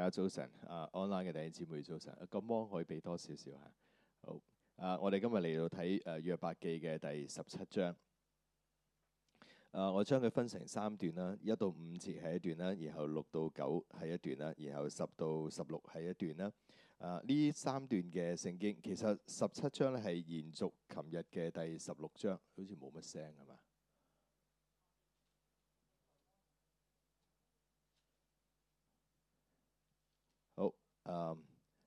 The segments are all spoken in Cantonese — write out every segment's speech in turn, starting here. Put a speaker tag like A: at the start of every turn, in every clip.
A: 大家早晨啊，online 嘅弟兄姊妹早晨。個光可以俾多少少吓？好啊，啊，啊，我哋今日嚟到睇誒、啊、約伯記嘅第十七章。誒、啊，我將佢分成三段啦，一到五節係一段啦，然後六到九係一段啦，然後十到十六係一段啦。誒、啊，呢三段嘅聖經其實十七章咧係延續琴日嘅第十六章，好似冇乜聲係嘛？誒，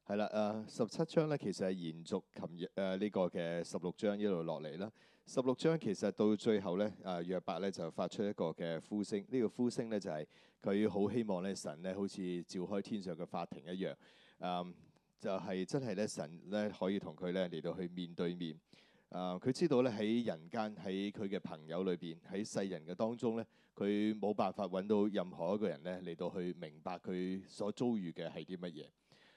A: 係啦、uh,，誒，十七章咧，其實係延續琴日誒呢、uh, 個嘅十六章一路落嚟啦。十六章其實到最後咧，誒、uh,，約伯咧就發出一個嘅呼聲，呢、這個呼聲咧就係佢好希望咧神咧好似召開天上嘅法庭一樣，誒、um,，就係真係咧神咧可以同佢咧嚟到去面對面。誒，佢知道咧喺人間喺佢嘅朋友裏邊喺世人嘅當中咧，佢冇辦法揾到任何一個人咧嚟到去明白佢所遭遇嘅係啲乜嘢。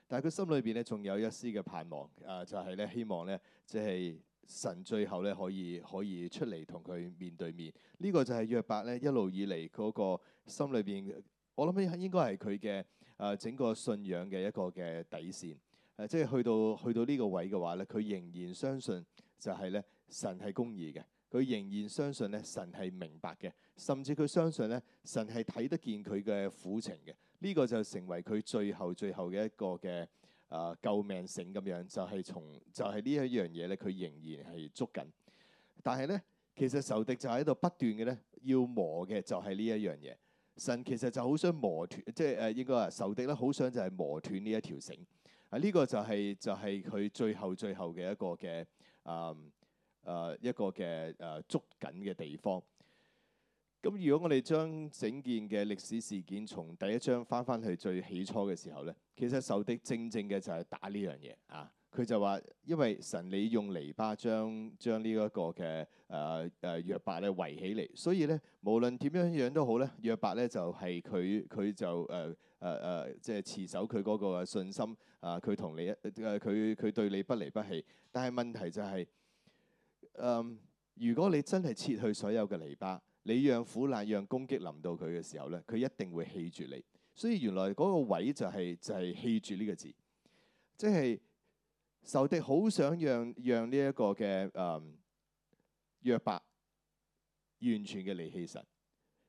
A: 但係佢心裏邊咧，仲有一絲嘅盼望，啊，就係咧，希望咧，即係神最後咧，可以可以出嚟同佢面對面。呢、呢個就係約伯咧一路以嚟嗰個心裏邊，我諗應應該係佢嘅啊整個信仰嘅一個嘅底線。誒、呃，即係去到去到呢個位嘅話咧，佢仍然相信就係咧，神係公義嘅，佢仍然相信咧，神係明白嘅，甚至佢相信咧，神係睇得見佢嘅苦情嘅。呢個就成為佢最後最後嘅一個嘅啊救命繩咁樣，就係、是、從就係呢一樣嘢咧，佢仍然係捉緊。但係咧，其實仇敵就喺度不斷嘅咧，要磨嘅就係呢一樣嘢。神其實就好想磨斷，即係誒應該話仇敵咧，好想就係磨斷呢一條繩。啊，呢、這個就係、是、就係、是、佢最後最後嘅一個嘅啊啊一個嘅誒、啊、捉緊嘅地方。咁如果我哋將整件嘅歷史事件從第一章翻翻去最起初嘅時候咧，其實受的正正嘅就係打呢樣嘢啊。佢就話：因為神你用籬笆將將呢一個嘅誒誒約伯咧圍起嚟，所以咧無論點樣樣都好咧，約伯咧就係佢佢就誒誒誒，即、啊、係、啊啊就係、持守佢嗰個信心啊。佢同你一佢佢對你不離不棄，但係問題就係、係、誒、嗯，如果你真係撤去所有嘅籬笆。你讓苦難、讓攻擊臨到佢嘅時候咧，佢一定會棄住你。所以原來嗰個位就係、是、就係、是、棄住呢個字，即係仇敵好想讓讓呢一個嘅誒約伯完全嘅離棄神。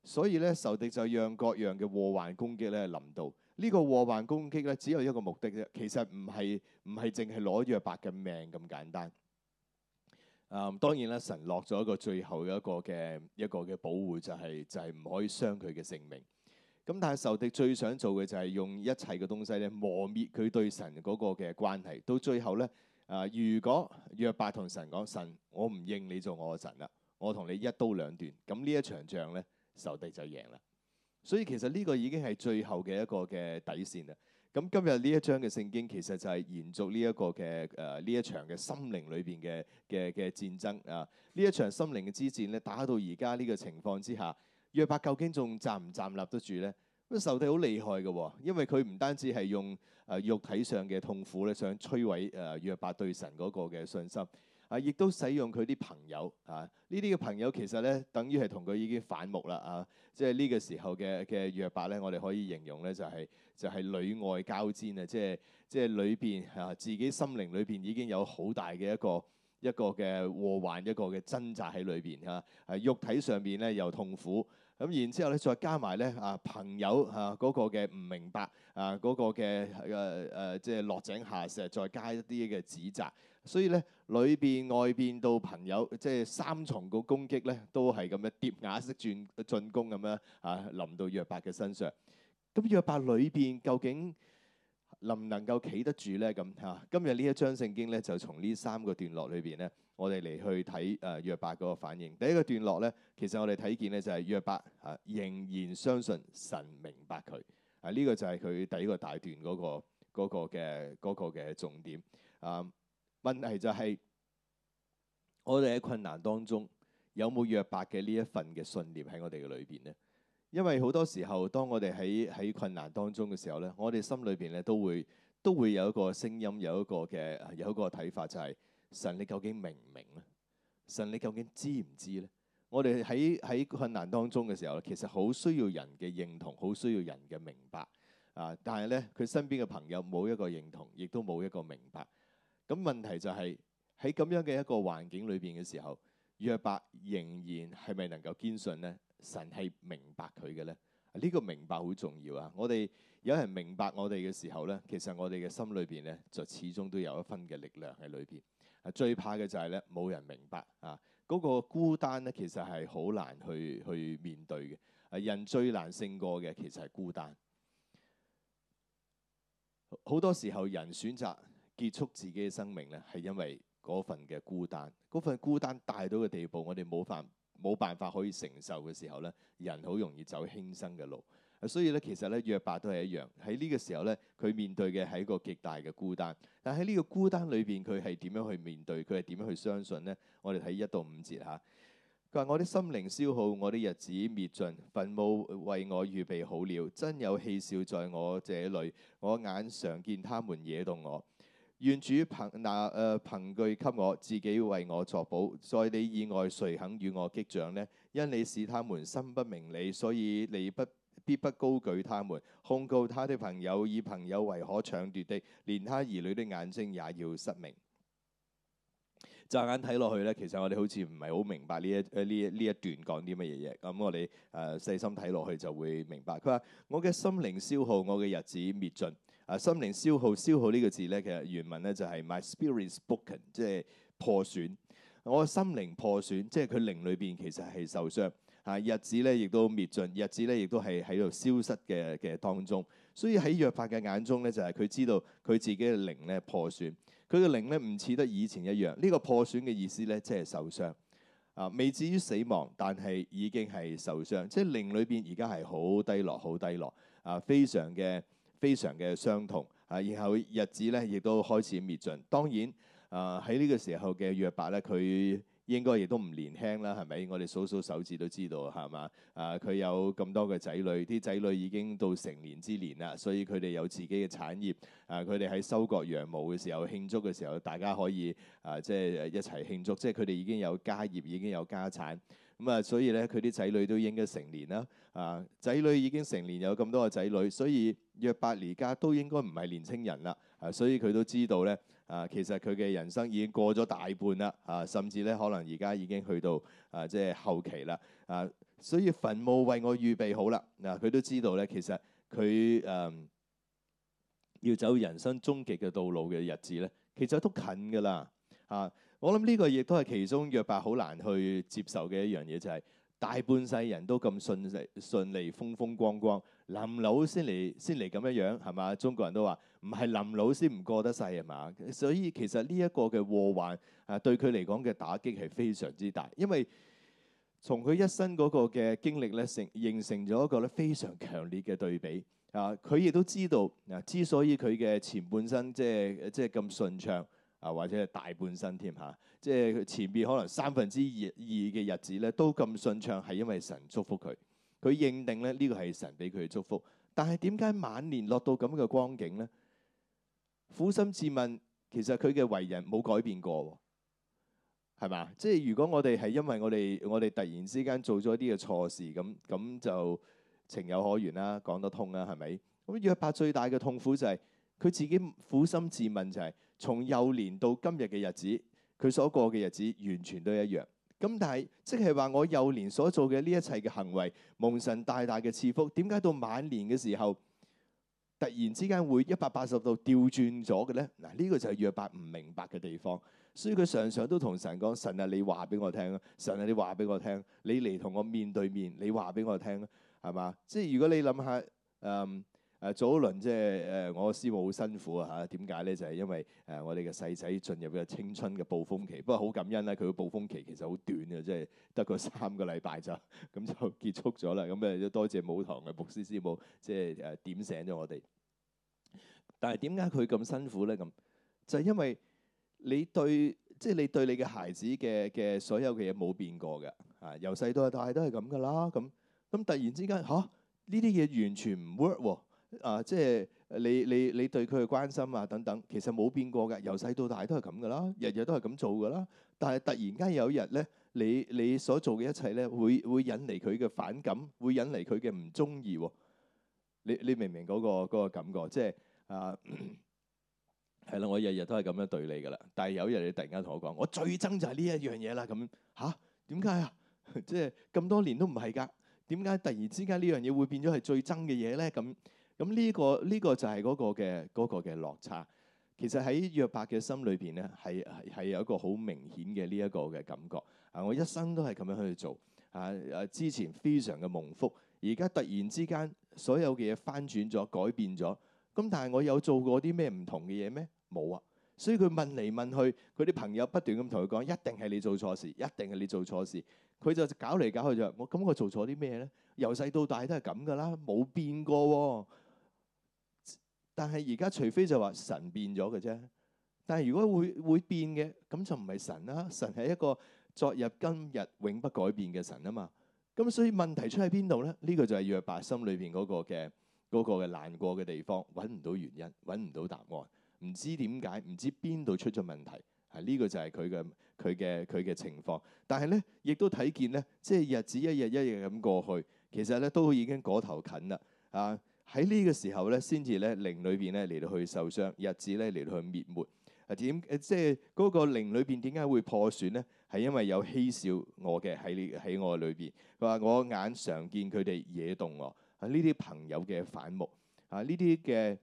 A: 所以咧仇敵就讓各樣嘅禍患攻擊咧臨到。呢、這個禍患攻擊咧只有一個目的啫，其實唔係唔係淨係攞約伯嘅命咁簡單。啊，當然啦，神落咗一個最後嘅一個嘅一個嘅保護，就係就係唔可以傷佢嘅性命。咁但係仇敵最想做嘅就係用一切嘅東西咧磨滅佢對神嗰個嘅關係。到最後咧，啊，如果約伯同神講神，我唔認你做我嘅神啦，我同你一刀兩斷。咁呢一場仗咧，仇敵就贏啦。所以其實呢個已經係最後嘅一個嘅底線啦。咁今日呢一章嘅聖經其實就係延續呢一個嘅誒呢一場嘅心靈裏邊嘅嘅嘅戰爭啊！呢一場心靈之戰咧，打到而家呢個情況之下，約伯究竟仲站唔站立得住咧？咁仇敵好厲害嘅、哦，因為佢唔單止係用誒、啊、肉體上嘅痛苦咧，想摧毀誒約伯對神嗰個嘅信心啊，亦都使用佢啲朋友啊！呢啲嘅朋友其實咧，等於係同佢已經反目啦啊！即係呢個時候嘅嘅約伯咧，我哋可以形容咧就係、是。就係裏外交戰啊！即係即係裏邊啊，自己心靈裏邊已經有好大嘅一個一個嘅禍患，一個嘅掙扎喺裏邊嚇。誒、啊、肉體上邊咧又痛苦，咁、啊、然之後咧再加埋咧啊朋友啊嗰、那個嘅唔明白啊嗰、那個嘅誒誒即係落井下石，再加一啲嘅指責。所以咧裏邊外邊到朋友，即係三重嘅攻擊咧，都係咁樣疊瓦式進進攻咁樣啊，臨到約伯嘅身上。咁約伯裏邊究竟能唔能夠企得住咧？咁嚇，今日呢一章聖經咧，就從呢三個段落裏邊咧，我哋嚟去睇誒約伯嗰個反應。第一個段落咧，其實我哋睇見咧就係約伯嚇仍然相信神明白佢啊，呢、這個就係佢第一個大段嗰、那個嘅嗰嘅重點。啊，問題就係、是、我哋喺困難當中有冇約伯嘅呢一份嘅信念喺我哋嘅裏邊咧？因為好多時候，當我哋喺喺困難當中嘅時候咧，我哋心裏邊咧都會都會有一個聲音，有一個嘅有一個睇法，就係、是、神你究竟明唔明咧？神你究竟知唔知咧？我哋喺喺困難當中嘅時候咧，其實好需要人嘅認同，好需要人嘅明白啊！但係咧，佢身邊嘅朋友冇一個認同，亦都冇一個明白。咁問題就係喺咁樣嘅一個環境裏邊嘅時候，約伯仍然係咪能夠堅信呢？神係明白佢嘅咧，呢、呢個明白好重要啊！我哋有人明白我哋嘅時候咧，其實我哋嘅心裏邊咧就始終都有一分嘅力量喺裏邊。最怕嘅就係咧冇人明白啊！嗰、嗰個孤單咧，其實係好難去去面對嘅。係、啊、人最難勝過嘅，其實係孤單。好多時候人選擇結束自己嘅生命咧，係因為嗰份嘅孤單，嗰份孤單大到嘅地步，我哋冇法。冇辦法可以承受嘅時候咧，人好容易走輕生嘅路。所以咧，其實咧，約伯都係一樣。喺呢個時候咧，佢面對嘅係一個極大嘅孤單。但喺呢個孤單裏邊，佢係點樣去面對？佢係點樣去相信呢？我哋睇一到五節嚇。佢話：我啲心靈消耗，我啲日子滅盡，墳墓為我預備好了，真有戲笑在我這裏，我眼常見他們惹動我。願主憑那誒憑據給我，自己為我作保。在你以外，誰肯與我擊掌呢？因你使他們心不明理，所以你不必不高舉他們。控告他的朋友，以朋友為可搶奪的，連他兒女的眼睛也要失明。乍眼睇落去咧，其實我哋好似唔係好明白呢一誒呢、啊、一呢一段講啲乜嘢嘢。咁、嗯、我哋誒細心睇落去就會明白。佢話我嘅心靈消耗，我嘅日子滅盡。啊，心靈消耗，消耗呢個字咧，其實原文咧就係 my spirit broken，即係破損。我個心靈破損，即係佢靈裏邊其實係受傷。啊，日子咧亦都滅盡，日子咧亦都係喺度消失嘅嘅當中。所以喺約伯嘅眼中咧，就係、是、佢知道佢自己嘅靈咧破損。佢嘅靈咧唔似得以前一樣。呢、這個破損嘅意思咧，即係受傷。啊，未至於死亡，但係已經係受傷。即係靈裏邊而家係好低落，好低落。啊，非常嘅。非常嘅傷痛，啊，然後日子咧亦都開始滅盡。當然，啊喺呢個時候嘅約伯咧，佢應該亦都唔年輕啦，係咪？我哋數數手指都知道，係嘛？啊、呃，佢有咁多嘅仔女，啲仔女已經到成年之年啦，所以佢哋有自己嘅產業。啊、呃，佢哋喺收割羊毛嘅時候慶祝嘅時候，大家可以啊、呃，即係一齊慶祝，即係佢哋已經有家業，已經有家產。咁啊、嗯，所以咧，佢啲仔女都應該成年啦。啊，仔女已經成年，有咁多個仔女，所以約伯而家都應該唔係年青人啦。啊，所以佢都知道咧，啊，其實佢嘅人生已經過咗大半啦。啊，甚至咧，可能而家已經去到啊，即係後期啦。啊，所以墳墓為我預備好啦。嗱、啊，佢都知道咧，其實佢誒、嗯、要走人生終極嘅道路嘅日子咧，其實都近噶啦。啊！我諗呢個亦都係其中約伯好難去接受嘅一樣嘢，就係大半世人都咁順利順利風風光光，臨老先嚟先嚟咁樣樣，係嘛？中國人都話唔係臨老先唔過得世，係嘛？所以其實呢一個嘅禍患啊，對佢嚟講嘅打擊係非常之大，因為從佢一生嗰個嘅經歷咧，成形成咗一個咧非常強烈嘅對比啊。佢亦都知道嗱、啊，之所以佢嘅前半生即係即係咁順暢，就是或者係大半生添嚇，即係前邊可能三分之二二嘅日子咧，都咁順暢，係因為神祝福佢。佢認定咧呢個係神俾佢嘅祝福。但係點解晚年落到咁嘅光景呢？苦心自問，其實佢嘅為人冇改變過，係嘛？即係如果我哋係因為我哋我哋突然之間做咗啲嘅錯事咁咁，就情有可原啦，講得通啦，係咪？咁約伯最大嘅痛苦就係、是、佢自己苦心自問就係、是。從幼年到今日嘅日子，佢所過嘅日子完全都一樣。咁但係即係話我幼年所做嘅呢一切嘅行為，蒙神大大嘅賜福。點解到晚年嘅時候，突然之間會一百八十度調轉咗嘅咧？嗱，呢個就係約伯唔明白嘅地方。所以佢常常都同神講：神啊，你話俾我聽啦！神啊，你話俾我聽，你嚟同我面對面，你話俾我聽啦，係嘛？即係如果你諗下，誒、嗯。誒早一輪即係誒，我師母好辛苦啊！嚇，點解咧？就係、是、因為誒、呃，我哋嘅細仔進入咗青春嘅暴風期，不過好感恩咧，佢嘅暴風期其實好短嘅，即係得個三個禮拜咋，咁、啊、就結束咗啦。咁誒都多謝舞堂嘅牧師師母，即係誒點醒咗我哋。但係點解佢咁辛苦咧？咁就係、因為你對即係、就是、你對你嘅孩子嘅嘅所有嘅嘢冇變過嘅啊，由細到大都係咁噶啦。咁咁突然之間嚇呢啲嘢完全唔 work 喎！啊！即係你你你對佢嘅關心啊等等，其實冇變過㗎，由細到大都係咁噶啦，日日都係咁做噶啦。但係突然間有一日咧，你你所做嘅一切咧，會會引嚟佢嘅反感，會引嚟佢嘅唔中意。你你明唔明嗰個嗰個感覺？即係啊，係啦，我日日都係咁樣對你噶啦。但係有一日你突然間同我講，我最憎就係呢一樣嘢啦。咁嚇點解啊？即係咁多年都唔係㗎，點解突然之間呢樣嘢會變咗係最憎嘅嘢咧？咁咁呢個呢個就係嗰個嘅嗰個嘅落差。其實喺約伯嘅心裏邊咧，係係有一個好明顯嘅呢一個嘅感覺。啊，我一生都係咁樣去做啊。啊，之前非常嘅蒙福，而家突然之間所有嘅嘢翻轉咗，改變咗。咁但係我有做過啲咩唔同嘅嘢咩？冇啊。所以佢問嚟問去，佢啲朋友不斷咁同佢講，一定係你做錯事，一定係你做錯事。佢就搞嚟搞去就，我咁我做錯啲咩咧？由細到大都係咁噶啦，冇變過啊。但係而家，除非就話神變咗嘅啫。但係如果會會變嘅，咁就唔係神啦。神係一個昨日今日永不改變嘅神啊嘛。咁所以問題出喺邊度咧？呢個就係約伯心裏邊嗰個嘅嗰個嘅難過嘅地方，揾唔到原因，揾唔到答案，唔知點解，唔知邊度出咗問題。啊，呢個就係佢嘅佢嘅佢嘅情況。但係咧，亦都睇見咧，即係日子一日一日咁過去，其實咧都已經嗰頭近啦啊。喺呢個時候咧，先至咧靈裏邊咧嚟到去受傷，日子咧嚟到去滅沒。啊，點？誒即係嗰個靈裏邊點解會破損咧？係因為有戲笑我嘅喺你喺我裏邊。佢話我眼常見佢哋惹動我。啊，呢啲朋友嘅反目。啊，呢啲嘅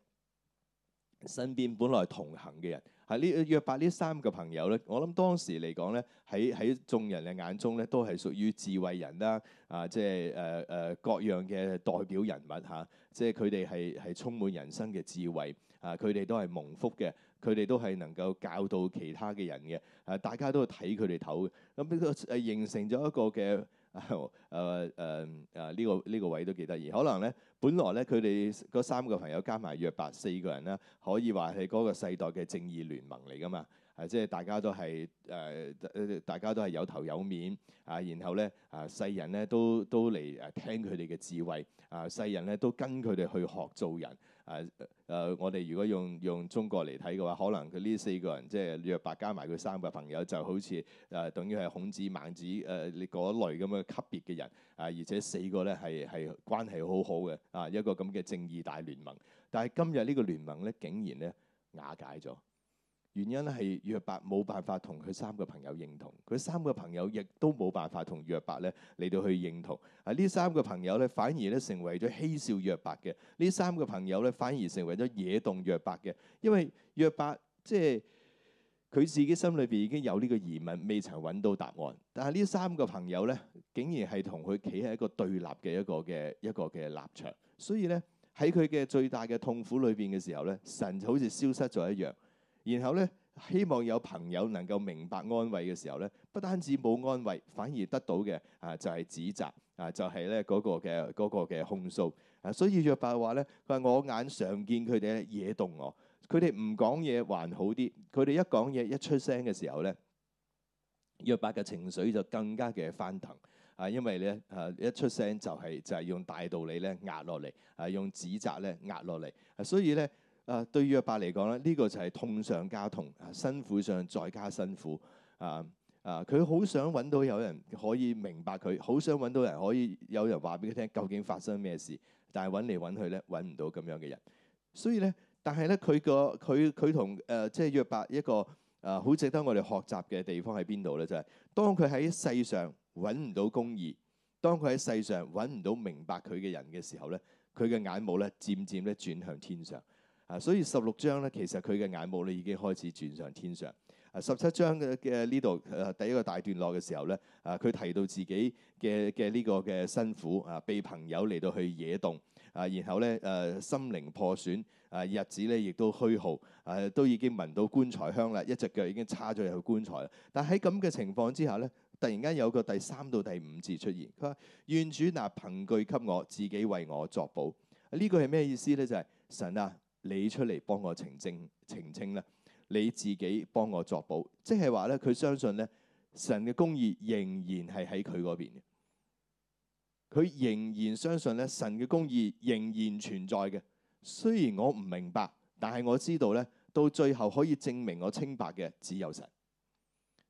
A: 身邊本來同行嘅人。係呢約伯呢三個朋友咧，我諗當時嚟講咧，喺喺眾人嘅眼中咧，都係屬於智慧人啦，啊，即係誒誒各樣嘅代表人物嚇，啊，即係佢哋係係充滿人生嘅智慧，啊，佢哋都係蒙福嘅，佢哋都係能夠教導其他嘅人嘅，啊，大家都係睇佢哋頭，咁呢個形成咗一個嘅。啊！誒誒呢個呢、這個位都幾得意。可能咧，本來咧，佢哋嗰三個朋友加埋約伯四個人啦，可以話係嗰個世代嘅正義聯盟嚟噶嘛？誒、啊，即係大家都係誒、啊，大家都係有頭有面啊。然後咧啊，世人咧都都嚟誒聽佢哋嘅智慧啊，世人咧都跟佢哋去學做人。誒誒、啊呃，我哋如果用用中國嚟睇嘅話，可能佢呢四個人即係約伯加埋佢三個朋友，就好似誒、呃，等於係孔子孟子誒，你、呃、嗰類咁嘅級別嘅人啊，而且四個咧係係關係好好嘅啊，一個咁嘅正義大聯盟，但係今日呢個聯盟咧竟然咧瓦解咗。原因咧係約伯冇辦法同佢三個朋友認同，佢三個朋友亦都冇辦法同約伯咧嚟到去認同。啊，呢三個朋友咧反而咧成為咗嬉笑約伯嘅，呢三個朋友咧反而成為咗惹動約伯嘅。因為約伯即係佢自己心裏邊已經有呢個疑問，未曾揾到答案。但係呢三個朋友咧，竟然係同佢企喺一個對立嘅一個嘅一個嘅立場。所以咧喺佢嘅最大嘅痛苦裏邊嘅時候咧，神就好似消失咗一樣。然後咧，希望有朋友能夠明白安慰嘅時候咧，不單止冇安慰，反而得到嘅啊就係指責啊，就係咧嗰個嘅、嗰個嘅控訴啊，所以約伯話咧，佢話我眼常見佢哋咧惹動我，佢哋唔講嘢還好啲，佢哋一講嘢一出聲嘅時候咧，約伯嘅情緒就更加嘅翻騰啊，因為咧啊一出聲就係就係用大道理咧壓落嚟啊，用指責咧壓落嚟啊，所以咧。啊，對約伯嚟講咧，呢、這個就係痛上加痛，辛苦上再加辛苦。啊啊，佢、啊、好想揾到有人可以明白佢，好想揾到人可以有人話俾佢聽，究竟發生咩事？但係揾嚟揾去咧，揾唔到咁樣嘅人。所以咧，但係咧，佢個佢佢同誒即係約伯一個啊，好值得我哋學習嘅地方喺邊度咧？就係、是、當佢喺世上揾唔到公義，當佢喺世上揾唔到明白佢嘅人嘅時候咧，佢嘅眼目咧，漸漸咧轉向天上。啊，所以十六章咧，其實佢嘅眼目咧已經開始轉上天上。啊，十七章嘅嘅呢度誒，第一個大段落嘅時候咧，啊，佢提到自己嘅嘅呢個嘅辛苦啊，被朋友嚟到去惹動啊，然後咧誒心靈破損啊，日子咧亦都虛耗啊，都已經聞到棺材香啦，一隻腳已經叉咗入棺材啦。但喺咁嘅情況之下咧，突然間有個第三到第五字出現，佢話願主拿憑據給我，自己為我作保。呢個係咩意思咧？就係神啊！你出嚟幫我澄清澄清咧，你自己幫我作保，即係話咧，佢相信咧神嘅公義仍然係喺佢嗰邊嘅，佢仍然相信咧神嘅公義仍然存在嘅。雖然我唔明白，但係我知道咧，到最後可以證明我清白嘅只有神。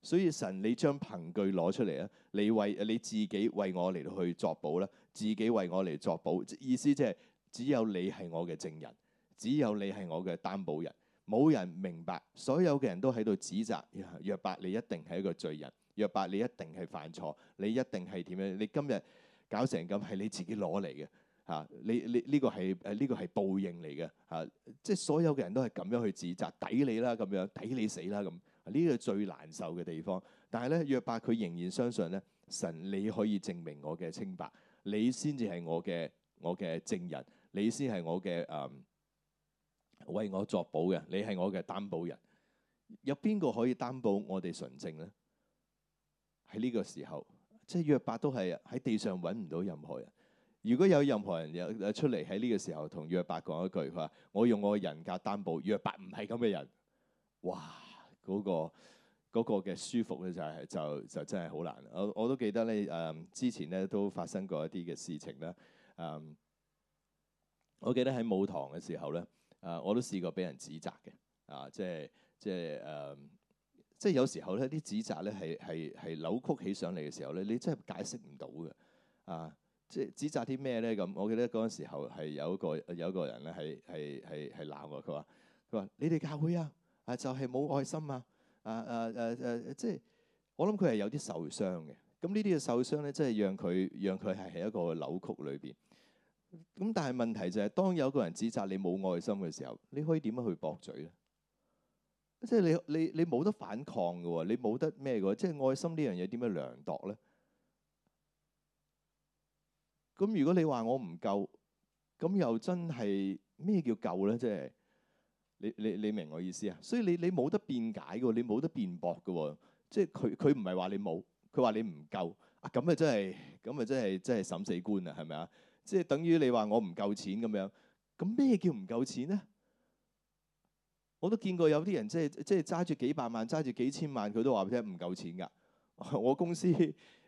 A: 所以神，你將憑據攞出嚟啊！你為你自己為我嚟去作保啦，自己為我嚟作保。意思即係只有你係我嘅證人。只有你係我嘅擔保人，冇人明白。所有嘅人都喺度指責啊！約伯，你一定係一個罪人，約伯，你一定係犯錯，你一定係點樣？你今日搞成咁係你自己攞嚟嘅嚇。你你呢個係誒，呢個係報應嚟嘅嚇。即係所有嘅人都係咁樣去指責，抵你啦咁樣，抵你死啦咁。呢個最難受嘅地方。但係咧，約伯佢仍然相信咧，神你可以證明我嘅清白，你先至係我嘅我嘅證人，你先係我嘅誒，為我作保嘅，你係我嘅擔保人。有邊個可以擔保我哋純正呢？喺呢個時候，即係約伯都係喺地上搵唔到任何人。如果有任何人有出嚟，喺呢個時候同約伯講一句，佢話我用我嘅人格擔保，約伯唔係咁嘅人。哇！嗰、嗰個、嗰個嘅舒服咧、就係，就係就就真係好難。我我都記得咧，誒、嗯，之前咧都發生過一啲嘅事情啦。誒、嗯，我記得喺舞堂嘅時候咧。啊！我都試過俾人指責嘅，啊，即係即係誒，即係、呃、有時候咧，啲指責咧係係係扭曲起上嚟嘅時候咧，你真係解釋唔到嘅，啊，即係指責啲咩咧？咁我記得嗰陣時候係有一個有一個人咧係係係係鬧我，佢話佢話你哋教會啊啊就係、是、冇愛心啊啊啊啊啊！即係我諗佢係有啲受傷嘅，咁呢啲嘅受傷咧，即係讓佢讓佢係喺一個扭曲裏邊。咁但係問題就係，當有個人指責你冇愛心嘅時候，你可以點樣去駁嘴咧？即係你你你冇得反抗嘅喎，你冇得咩嘅喎？即係愛心呢樣嘢點樣量度咧？咁如果你話我唔夠，咁又真係咩叫夠咧？即係你你你明我意思啊？所以你你冇得辯解嘅喎，你冇得辯駁嘅喎。即係佢佢唔係話你冇，佢話你唔夠啊！咁啊真係，咁啊真係真係審死官啊，係咪啊？即係等於你話我唔夠錢咁樣，咁咩叫唔夠錢咧？我都見過有啲人即係即係揸住幾百萬、揸住幾千萬，佢都話啫唔夠錢㗎。我公司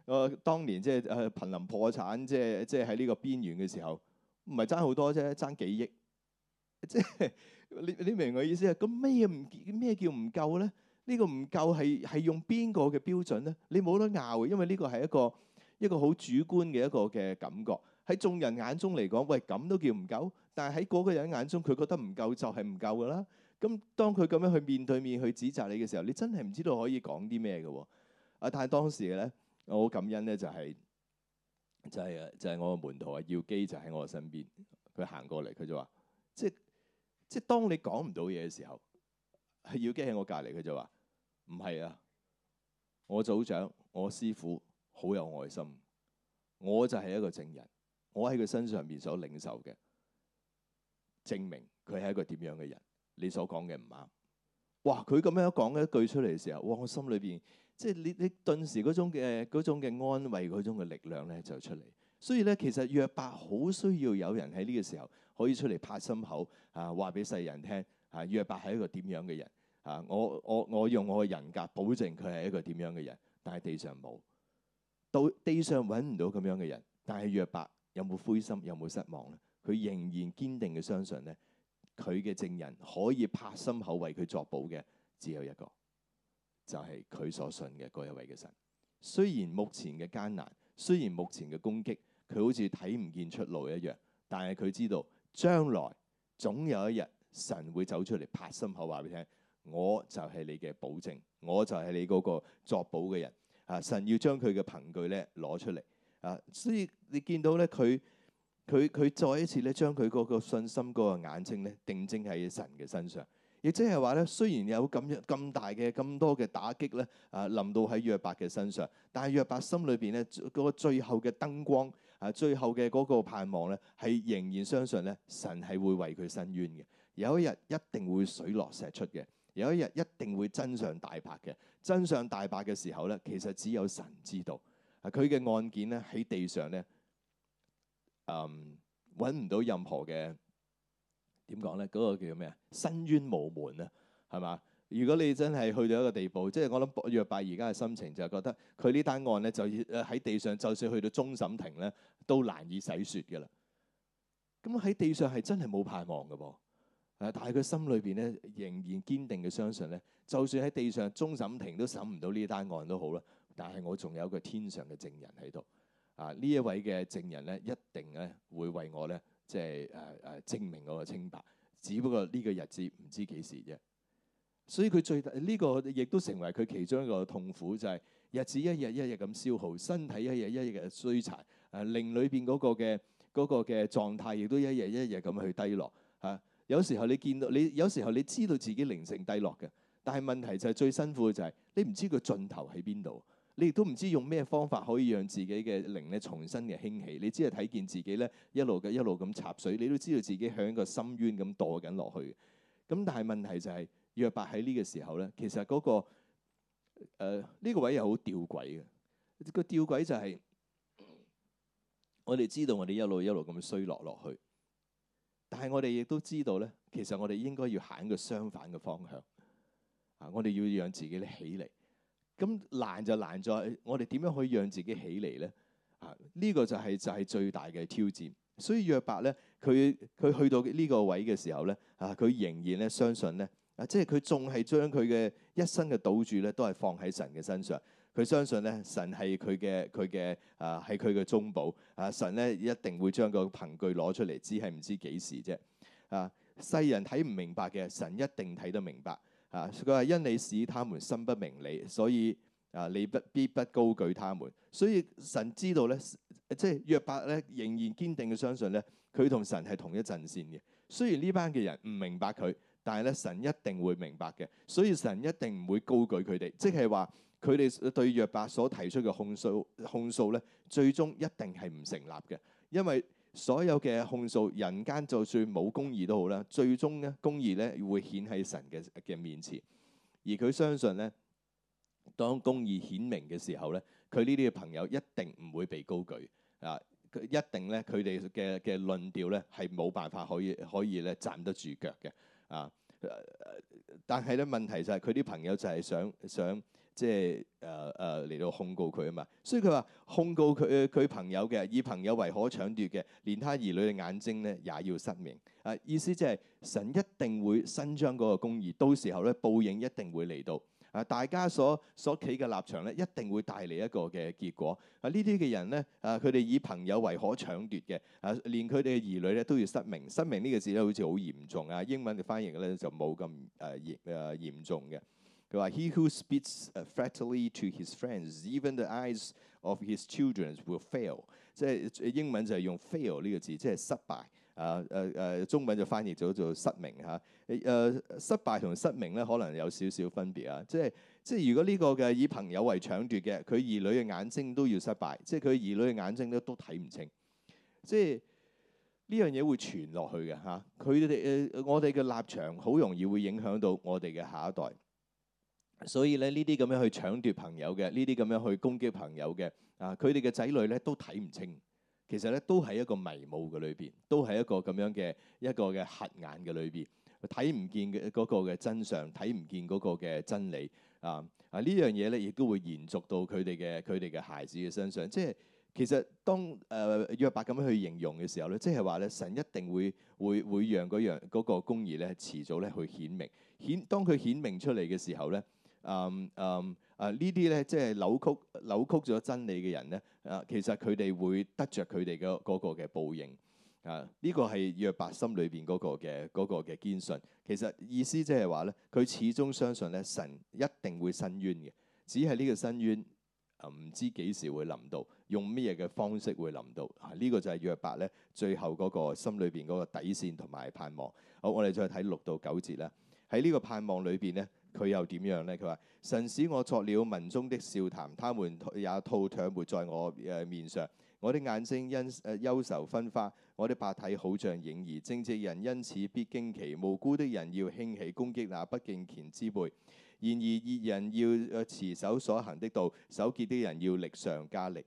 A: 啊，當年即係誒瀕臨破產，即係即係喺呢個邊緣嘅時候，唔係爭好多啫，爭幾億。即係你你明我意思啊？咁咩嘢唔咩叫唔夠咧？呢個唔夠係係用邊個嘅標準咧？你冇得拗，因為呢個係一個一個好主觀嘅一個嘅感覺。喺眾人眼中嚟講，喂，咁都叫唔夠，但係喺嗰個人眼中，佢覺得唔夠就係唔夠噶啦。咁當佢咁樣去面對面去指責你嘅時候，你真係唔知道可以講啲咩嘅喎。啊，但係當時咧，我好感恩咧、就係，就係、係、就係就係我嘅門徒啊耀基就喺我身邊，佢行過嚟，佢就話：即即當你講唔到嘢嘅時候，係耀基喺我隔離，佢就話：唔係啊，我組長，我師傅好有愛心，我就係一個證人。我喺佢身上面所領受嘅，證明佢係一個點樣嘅人。你所講嘅唔啱。哇！佢咁樣一講一句出嚟嘅時候，哇！我心裏邊即係你你頓時嗰種嘅嗰種嘅安慰，嗰種嘅力量咧就出嚟。所以咧，其實約伯好需要有人喺呢個時候可以出嚟拍心口啊，話俾世人聽啊。約伯係一個點樣嘅人啊？我我我用我嘅人格保證佢係一個點樣嘅人，但係地上冇到地上揾唔到咁樣嘅人，但係約伯。有冇灰心？有冇失望咧？佢仍然堅定嘅相信咧，佢嘅證人可以拍心口為佢作保嘅只有一個，就係佢所信嘅嗰一位嘅神。雖然目前嘅艱難，雖然目前嘅攻擊，佢好似睇唔見出路一樣，但係佢知道將來總有一日神會走出嚟拍心口話俾你聽，我就係你嘅保證，我就係你嗰個作保嘅人。啊，神要將佢嘅憑據咧攞出嚟。啊！所以你見到咧，佢佢佢再一次咧，將佢嗰個信心、嗰個眼睛咧，定睛喺神嘅身上。亦即係話咧，雖然有咁樣咁大嘅咁多嘅打擊咧，啊，臨到喺約伯嘅身上，但若，但係約伯心裏邊咧，嗰個最後嘅燈光啊，最後嘅嗰個盼望咧，係仍然相信咧，神係會為佢伸冤嘅。有一日一定會水落石出嘅，有一日一定會真相大白嘅。真相大白嘅時候咧，其實只有神知道。佢嘅案件咧喺地上咧，嗯，揾唔到任何嘅，點講咧，嗰、那個叫咩啊？伸冤無門啊，係嘛？如果你真係去到一個地步，即、就、係、是、我諗約伯而家嘅心情就係覺得佢呢單案咧，就喺地上，就算去到終審庭咧，都難以洗雪嘅啦。咁喺地上係真係冇盼望嘅噃，誒，但係佢心裏邊咧仍然堅定嘅相信咧，就算喺地上終審庭都審唔到呢單案都好啦。但係我仲有個天上嘅證人喺度，啊，呢一位嘅證人咧，一定咧會為我咧即係誒誒，證明我嘅清白，只不過呢個日子唔知幾時啫。所以佢最大呢個亦都成為佢其中一個痛苦，就係日子一日一日咁消耗，身體一日一日衰殘，誒靈裏邊嗰個嘅嗰嘅狀態亦都一日一日咁去低落嚇。有時候你見到你有時候你知道自己靈性低落嘅，但係問題就係最辛苦嘅就係你唔知佢盡頭喺邊度。你亦都唔知用咩方法可以讓自己嘅靈咧重新嘅興起，你只係睇見自己咧一路嘅一路咁插水，你都知道自己喺個深淵咁墮緊落去。咁但係問題就係約伯喺呢個時候咧，其實嗰、嗰個呢、呃這個位又好吊詭嘅，個吊詭就係我哋知道我哋一路一路咁衰落落去，但係我哋亦都知道咧，其實我哋應該要行一個相反嘅方向啊！我哋要讓自己咧起嚟。咁難就難在，我哋點樣可以讓自己起嚟咧？啊，呢個就係就係最大嘅挑戰。所以約伯咧，佢佢去到呢個位嘅時候咧，啊，佢仍然咧相信咧，啊，即係佢仲係將佢嘅一生嘅賭注咧，都係放喺神嘅身上。佢相信咧，神係佢嘅佢嘅啊，係佢嘅中保啊。神咧一定會將個憑據攞出嚟，只係唔知幾時啫。啊，世人睇唔明白嘅，神一定睇得明白。啊！佢話因你使他們心不明理，所以啊，你不必不高舉他們。所以神知道咧，即係約伯咧，仍然堅定嘅相信咧，佢同神係同一陣線嘅。雖然呢班嘅人唔明白佢，但係咧神一定會明白嘅。所以神一定唔會高舉佢哋，即係話佢哋對約伯所提出嘅控訴控訴咧，最終一定係唔成立嘅，因為。所有嘅控訴，人間就算冇公義都好啦，最終咧公義咧會顯喺神嘅嘅面前。而佢相信咧，當公義顯明嘅時候咧，佢呢啲嘅朋友一定唔會被高舉啊！一定咧，佢哋嘅嘅論調咧係冇辦法可以可以咧站得住腳嘅啊。但係咧，問題就係佢啲朋友就係想想。想即係誒誒嚟到控告佢啊嘛，所以佢話控告佢佢、呃、朋友嘅，以朋友為可搶奪嘅，連他兒女嘅眼睛咧也要失明。啊，意思即係神一定會伸張嗰個公義，到時候咧報應一定會嚟到。啊，大家所所企嘅立場咧，一定會帶嚟一個嘅結果。啊，呢啲嘅人咧，啊佢哋以朋友為可搶奪嘅，啊連佢哋嘅兒女咧都要失明。失明呢個字咧好似好嚴重啊，英文嘅翻譯咧就冇咁誒嚴誒嚴重嘅。佢話：He who speaks flattery to his friends, even the eyes of his children will fail。即係英文就係用 fail 呢個字，即係失敗。誒誒誒，中文就翻譯做做失明嚇。誒、啊、失敗同失明咧可能有少少分別啊。即係即係，如果呢個嘅以朋友為搶奪嘅，佢兒女嘅眼睛都要失敗，即係佢兒女嘅眼睛咧都睇唔清。即係呢樣嘢會傳落去嘅嚇。佢哋誒我哋嘅立場好容易會影響到我哋嘅下一代。所以咧，呢啲咁樣去搶奪朋友嘅，呢啲咁樣去攻擊朋友嘅，啊、呃，佢哋嘅仔女咧都睇唔清，其實咧都係一個迷霧嘅裏邊，都係一個咁樣嘅一個嘅瞎眼嘅裏邊，睇唔見嘅嗰個嘅真相，睇唔見嗰個嘅真理，呃、啊啊呢樣嘢咧亦都會延續到佢哋嘅佢哋嘅孩子嘅身上。即係其實當誒約伯咁樣去形容嘅時候咧，即係話咧神一定會會會讓嗰樣嗰個公義咧遲早咧去顯明顯，當佢顯明出嚟嘅時候咧。呢嗯嗯啊，呢啲咧即係扭曲扭曲咗真理嘅人咧，啊其實佢哋會得着佢哋嗰個嘅報應。啊，呢個係約伯心裏邊嗰個嘅嗰、嗰個嘅堅信。其實意思即係話咧，佢始終相信，咧，神一定會伸冤嘅，只係呢個伸冤啊，唔知幾時會臨到，用咩嘢嘅方式會臨到。啊呢、呢個就係約伯咧最後嗰個心裏邊嗰個底線同埋盼望。好，我哋再睇六到九節啦。喺呢個盼望裏邊咧。佢又點樣呢？佢話：神使我作了民中的笑談，他們也吐唾沫在我誒面上。我的眼睛因誒憂愁昏花，我的百體好像影兒。正直人因此必驚奇，無辜的人要興起攻擊那不敬虔之輩。然而義人要持守所行的道，手潔的人要力上加力。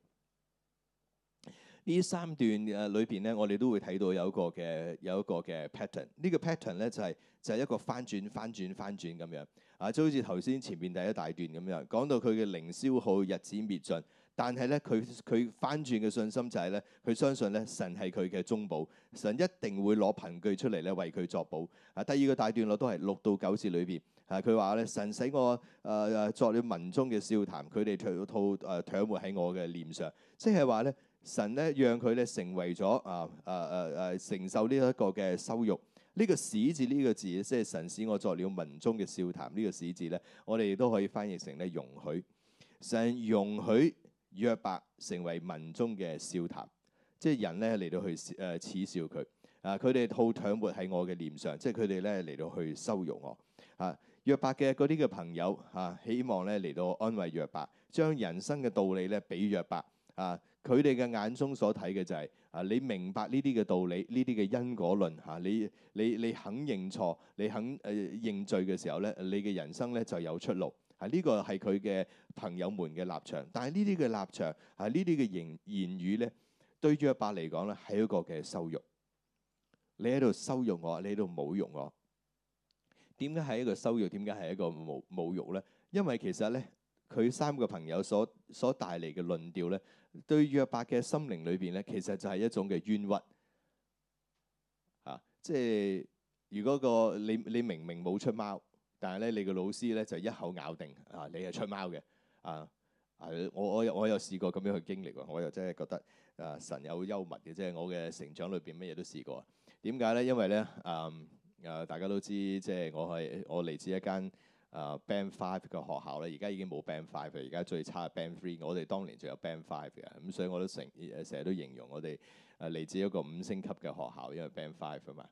A: 呢三段誒裏邊咧，我哋都會睇到有一個嘅有一個嘅 pattern。呢個 pattern 呢、就係，就係就係一個翻轉翻轉翻轉咁樣。啊，即好似頭先前面第一大段咁樣，講到佢嘅靈消耗、日子滅盡，但係咧佢佢翻轉嘅信心就係咧，佢相信咧神係佢嘅中保，神一定會攞憑據出嚟咧為佢作保。啊，第二個大段落都係六到九節裏邊，啊，佢話咧神使我誒誒、呃、作了民中嘅笑談，佢哋吐吐誒唾沫喺我嘅臉上，即係話咧神咧讓佢咧成為咗啊啊啊啊承受呢一個嘅羞辱。呢個使字呢、這個字，即係神使我作了民中嘅笑談。這個、史呢個使字咧，我哋亦都可以翻譯成咧容許，神容許約伯成為民中嘅笑談，即係人咧嚟到去誒恥笑佢。啊，佢哋吐唾沫喺我嘅臉上，即係佢哋咧嚟到去羞辱我。啊，約伯嘅嗰啲嘅朋友啊，希望咧嚟到安慰約伯，將人生嘅道理咧俾約伯。啊，佢哋嘅眼中所睇嘅就係、是。啊！你明白呢啲嘅道理，呢啲嘅因果論嚇、啊，你你你肯認錯，你肯誒、呃、認罪嘅時候咧，你嘅人生咧就有出路。啊！呢個係佢嘅朋友們嘅立場，啊、但係呢啲嘅立場啊，呢啲嘅言言語咧，對住約伯嚟講咧，係一個嘅羞辱。你喺度羞辱我，你喺度侮辱我。點解係一個羞辱？點解係一個侮侮辱咧？因為其實咧。佢三個朋友所所帶嚟嘅論調咧，對約伯嘅心靈裏邊咧，其實就係一種嘅冤屈啊！即係如果個你你明明冇出貓，但係咧你個老師咧就一口咬定啊你係出貓嘅啊！我我我有試過咁樣去經歷喎，我又真係覺得啊神有幽默嘅，即係我嘅成長裏邊乜嘢都試過。點解咧？因為咧啊啊！大家都知即係我係我嚟自一間。啊，Band Five 個學校咧，而家已經冇 Band Five，而家最差 Band Three。我哋當年仲有 Band Five 嘅，咁所以我都成成日都形容我哋嚟自一個五星級嘅學校，因為 Band Five 啊嘛。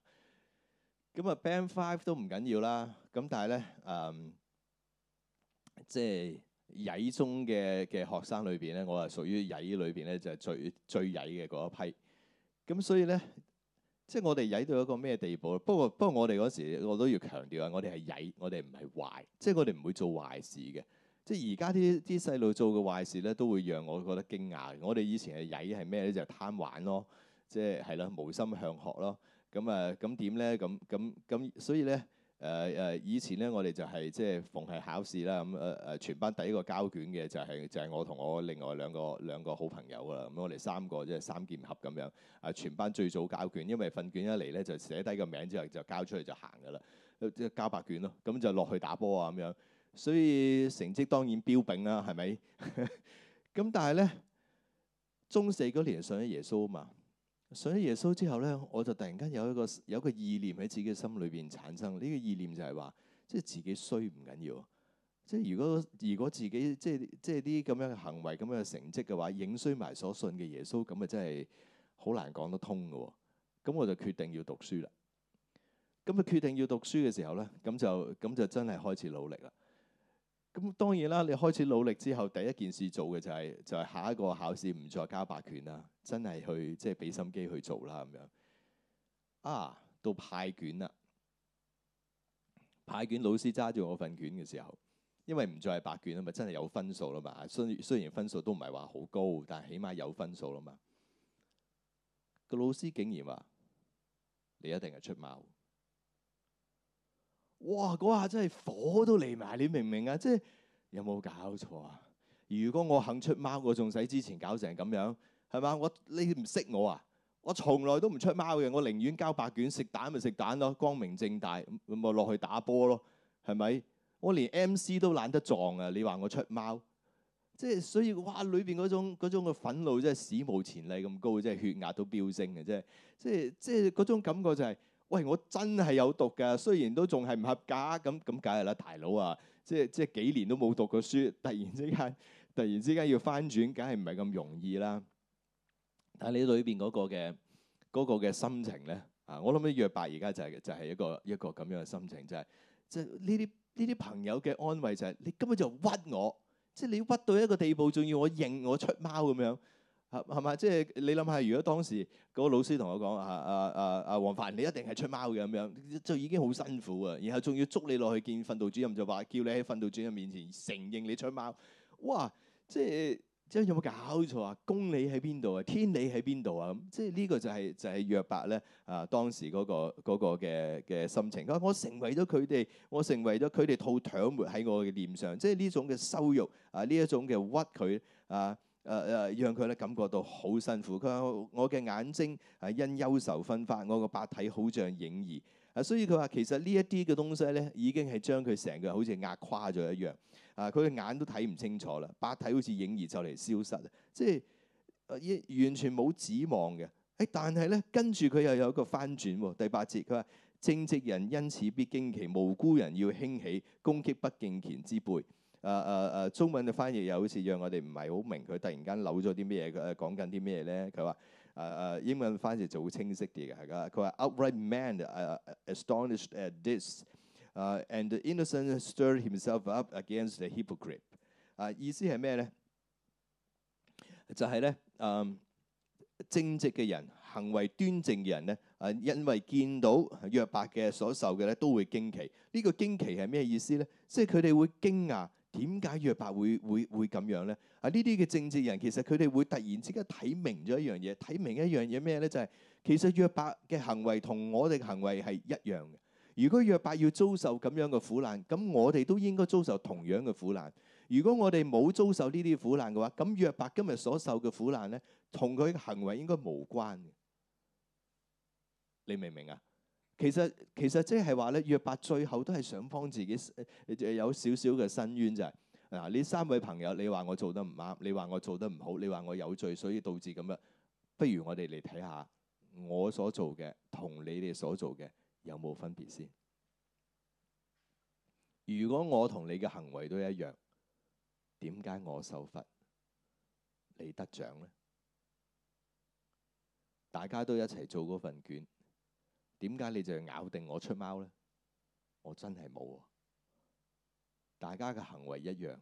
A: 咁啊，Band Five 都唔緊要啦。咁但係咧，嗯，即係曳中嘅嘅學生裏邊咧，我係屬於曳裏邊咧，就係最最曳嘅嗰一批。咁所以咧。即係我哋曳到一個咩地步？不過不過我，我哋嗰時我都要強調啊，我哋係曳，我哋唔係壞，即係我哋唔會做壞事嘅。即係而家啲啲細路做嘅壞事咧，都會讓我覺得驚訝。我哋以前係曳係咩咧？就係貪玩咯，即係係啦，無心向學咯。咁誒，咁點咧？咁咁咁，所以咧。誒誒，以前咧我哋就係即係逢係考試啦，咁誒誒，全班第一個交卷嘅就係就係我同我另外兩個兩個好朋友啦。咁我哋三個即係三劍俠咁樣，啊全班最早交卷，因為份卷一嚟咧就寫低個名之後就交出去就行噶啦，交白卷咯。咁就落去打波啊咁樣，所以成績當然標炳啦，係咪？咁 但係咧，中四嗰年上咗耶穌嘛。信咗耶穌之後咧，我就突然間有一個有一個意念喺自己嘅心裏邊產生。呢個意念就係話，即係自己衰唔緊要。即係如果如果自己即係即係啲咁樣嘅行為、咁樣嘅成績嘅話，影衰埋所信嘅耶穌，咁啊真係好難講得通嘅。咁我就決定要讀書啦。咁啊決定要讀書嘅時候咧，咁就咁就真係開始努力啦。咁當然啦，你開始努力之後，第一件事做嘅就係就係下一個考試唔再交白卷啦，真係去即係俾心機去做啦咁樣。啊，到派卷啦，派卷老師揸住我份卷嘅時候，因為唔再係白卷啊嘛，真係有分數啦嘛。雖雖然分數都唔係話好高，但係起碼有分數啦嘛。個老師竟然話：你一定係出貓。哇！嗰下真係火都嚟埋，你明唔明啊？即係有冇搞錯啊？如果我肯出貓，我仲使之前搞成咁樣係嘛？我你唔識我啊？我從來都唔出貓嘅，我寧願交白卷，食蛋咪食蛋咯，光明正大咁咪落去打波咯，係咪？我連 MC 都懶得撞啊！你話我出貓？即係所以哇！裏邊嗰種嗰種嘅憤怒真係史無前例咁高，即係血壓都飆升嘅，真係即係即係嗰種感覺就係、是。喂，我真係有讀㗎，雖然都仲係唔合格，咁咁梗係啦，大佬啊，即係即係幾年都冇讀過書，突然之間突然之間要翻轉，梗係唔係咁容易啦？但係你裏邊嗰個嘅嗰個嘅心情咧，啊，我諗起約伯而家就係就係一個一個咁樣嘅心情，就係即係呢啲呢啲朋友嘅安慰就係你根本就屈我，即係你屈到一個地步，仲要我認我出貓咁樣。係咪？即係你諗下，如果當時個老師同我講啊啊啊啊，王凡，你一定係出貓嘅咁樣，就已經好辛苦啊。然後仲要捉你落去見訓導主任，就話叫你喺訓導主任面前承認你出貓。哇！即係即係有冇搞錯啊？公理喺邊度啊？天理喺邊度啊？咁即係呢個就係、是、就係、是、約白約伯咧啊！當時嗰、那個嘅嘅、那個那個、心情我，我成為咗佢哋，我成為咗佢哋套唾沫喺我嘅臉上，即係呢種嘅羞辱啊！呢一種嘅屈佢啊！啊誒誒，讓佢咧感覺到好辛苦。佢話：我嘅眼睛係因憂愁昏花，我白個百體好像影兒。啊，所以佢話其實呢一啲嘅東西咧，已經係將佢成個好似壓垮咗一樣。啊，佢嘅眼都睇唔清楚啦，百體好似影兒就嚟消失啊！即係完全冇指望嘅。誒，但係咧跟住佢又有一個翻轉。第八節佢話：正直人因此必驚奇，無辜人要興起攻擊不敬虔之輩。誒誒誒，中文嘅翻譯又好似讓我哋唔係好明佢突然間扭咗啲咩嘢，誒講緊啲咩嘢咧？佢話誒誒英文翻譯就會清晰啲嘅，佢話 upright man 誒 astonished at this，誒 and innocent stirred himself up against the hypocrite。啊，意思係咩咧？就係咧，誒正直嘅人、行為端正嘅人咧，誒因為見到約伯嘅所受嘅咧，都會驚奇。呢個驚奇係咩意思咧？即係佢哋會驚訝。點解約伯會會會咁樣咧？啊，呢啲嘅政治人其實佢哋會突然之間睇明咗一樣嘢，睇明一樣嘢咩咧？就係其實約伯嘅行為同我哋行為係一樣嘅。如果約伯要遭受咁樣嘅苦難，咁我哋都應該遭受同樣嘅苦難。如果我哋冇遭受呢啲苦難嘅話，咁約伯今日所受嘅苦難咧，同佢嘅行為應該無關嘅。你明唔明啊？其實其實即係話咧，約伯最後都係想幫自己，呃、有少少嘅申冤。就係，嗱，你三位朋友，你話我做得唔啱，你話我做得唔好，你話我有罪，所以導致咁樣。不如我哋嚟睇下，我所做嘅同你哋所做嘅有冇分別先。如果我同你嘅行為都一樣，點解我受罰，你得獎呢？大家都一齊做嗰份卷。點解你就咬定我出貓咧？我真係冇。大家嘅行為一樣，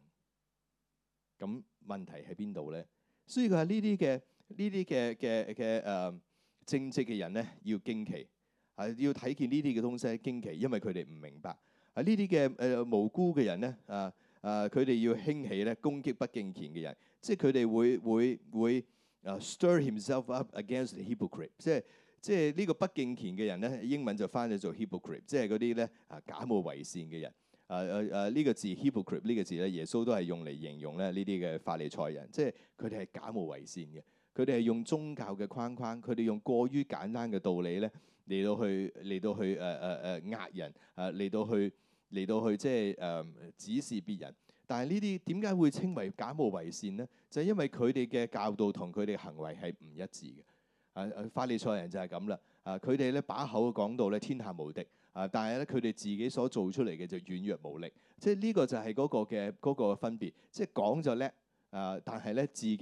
A: 咁問題喺邊度咧？所以佢話呢啲嘅呢啲嘅嘅嘅誒，正直嘅人咧要驚奇，係要睇見呢啲嘅東西咧驚奇，因為佢哋唔明白。喺呢啲嘅誒無辜嘅人咧啊啊，佢哋要興起咧攻擊不敬虔嘅人，即係佢哋會會會啊 stir himself up against the hypocrite，即係。即係呢個不敬虔嘅人咧，英文就翻咗做 hypocrite，即係嗰啲咧啊假冒為善嘅人。啊啊啊！呢個字 hypocrite 呢個字咧，耶穌都係用嚟形容咧呢啲嘅法利賽人。即係佢哋係假冒為善嘅，佢哋係用宗教嘅框框，佢哋用過於簡單嘅道理咧嚟、uh, uh, uh, 啊、到去嚟到去誒誒誒呃人，誒嚟到去嚟到去即係誒指示別人。但係呢啲點解會稱為假冒為善咧？就係、是、因為佢哋嘅教導同佢哋行為係唔一致嘅。誒誒，法利賽人就係咁啦。啊，佢哋咧把口講到咧天下無敵。啊，但係咧佢哋自己所做出嚟嘅就軟弱無力。即係呢個就係嗰個嘅嗰分別。即係講就叻。啊，但係咧自己，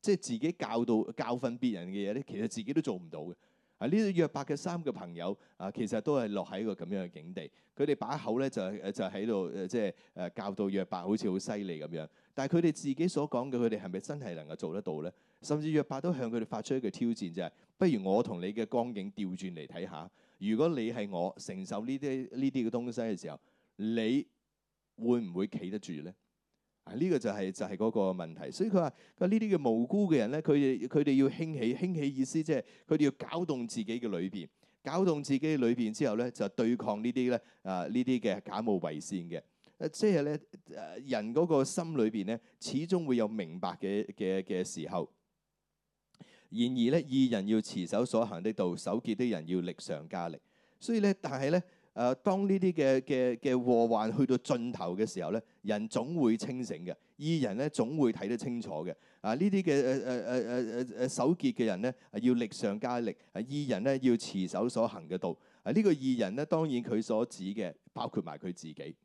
A: 即係自己教導教訓別人嘅嘢咧，其實自己都做唔到嘅。呢啲約伯嘅三個朋友啊，其實都係落喺一個咁樣嘅境地，佢哋把口咧就係就喺度，即係誒教導約伯好似好犀利咁樣。但係佢哋自己所講嘅，佢哋係咪真係能夠做得到咧？甚至約伯都向佢哋發出一個挑戰，就係不如我同你嘅光景調轉嚟睇下。如果你係我承受呢啲呢啲嘅東西嘅時候，你會唔會企得住咧？啊！呢個就係就係嗰個問題，所以佢話：呢啲嘅無辜嘅人咧，佢哋佢哋要興起興起，意思即係佢哋要搞動自己嘅裏邊，搞動自己裏邊之後咧，就對抗呢啲咧啊！呢啲嘅假冒為善嘅，即係咧誒人嗰個心裏邊咧，始終會有明白嘅嘅嘅時候。然而咧，義人要持守所行的道，手潔的人要力上加力。所以咧，但係咧。誒、啊，當呢啲嘅嘅嘅禍患去到盡頭嘅時候咧，人總會清醒嘅；義人咧總會睇得清楚嘅。啊，啊啊啊呢啲嘅誒誒誒誒誒誒手潔嘅人咧，要力上加力；義人咧要持守所行嘅道。啊，呢、這個義人咧，當然佢所指嘅包括埋佢自己。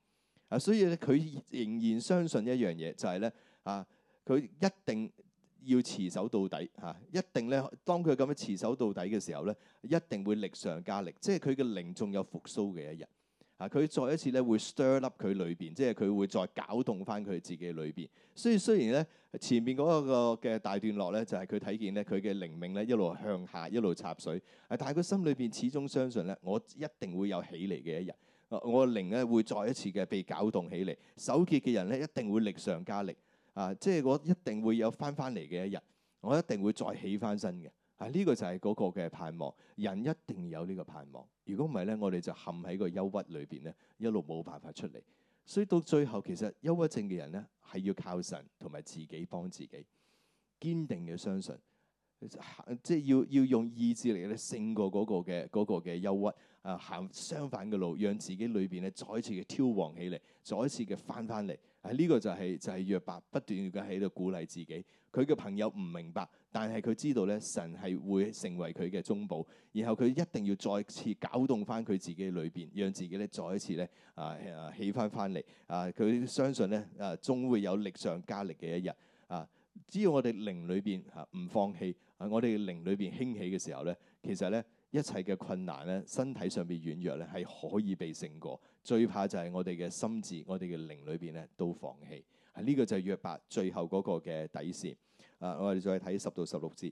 A: 啊，所以咧佢仍然相信一樣嘢，就係、是、咧啊，佢一定。要持守到底嚇、啊，一定咧。當佢咁樣持守到底嘅時候咧，一定會力上加力。即係佢嘅靈仲有復甦嘅一日。啊，佢再一次咧會 stir up 佢裏邊，即係佢會再搞動翻佢自己裏邊。所以雖然咧前面嗰個嘅大段落咧，就係佢睇見咧佢嘅靈命咧一路向下，一路插水。啊，但係佢心裏邊始終相信咧，我一定會有起嚟嘅一日。我嘅靈咧會再一次嘅被搞動起嚟。手潔嘅人咧一定會力上加力。啊！即係我一定會有翻翻嚟嘅一日，我一定會再起翻身嘅。啊，呢個就係嗰個嘅盼望。人一定有呢個盼望。如果唔係咧，我哋就陷喺個憂鬱裏邊咧，一路冇辦法出嚟。所以到最後，其實憂鬱症嘅人咧，係要靠神同埋自己幫自己，堅定嘅相信，即係要要用意志力咧勝過嗰個嘅嗰個嘅憂鬱。啊，行相反嘅路，讓自己裏邊咧再一次嘅挑旺起嚟，再一次嘅翻翻嚟。啊！呢個就係、是、就係約伯不斷嘅喺度鼓勵自己。佢嘅朋友唔明白，但係佢知道咧，神係會成為佢嘅中保。然後佢一定要再次搞動翻佢自己裏邊，讓自己咧再一次咧啊起翻翻嚟。啊，佢相信咧啊，終會有力上加力嘅一日。啊，只要我哋靈裏邊嚇唔放棄，我哋靈裏邊興起嘅時候咧，其實咧，一切嘅困難咧，身體上邊軟弱咧，係可以被勝過。最怕就係我哋嘅心智、我哋嘅靈裏邊咧都放棄。呢、這個就係約伯最後嗰個嘅底線。啊，我哋再睇十到十六節。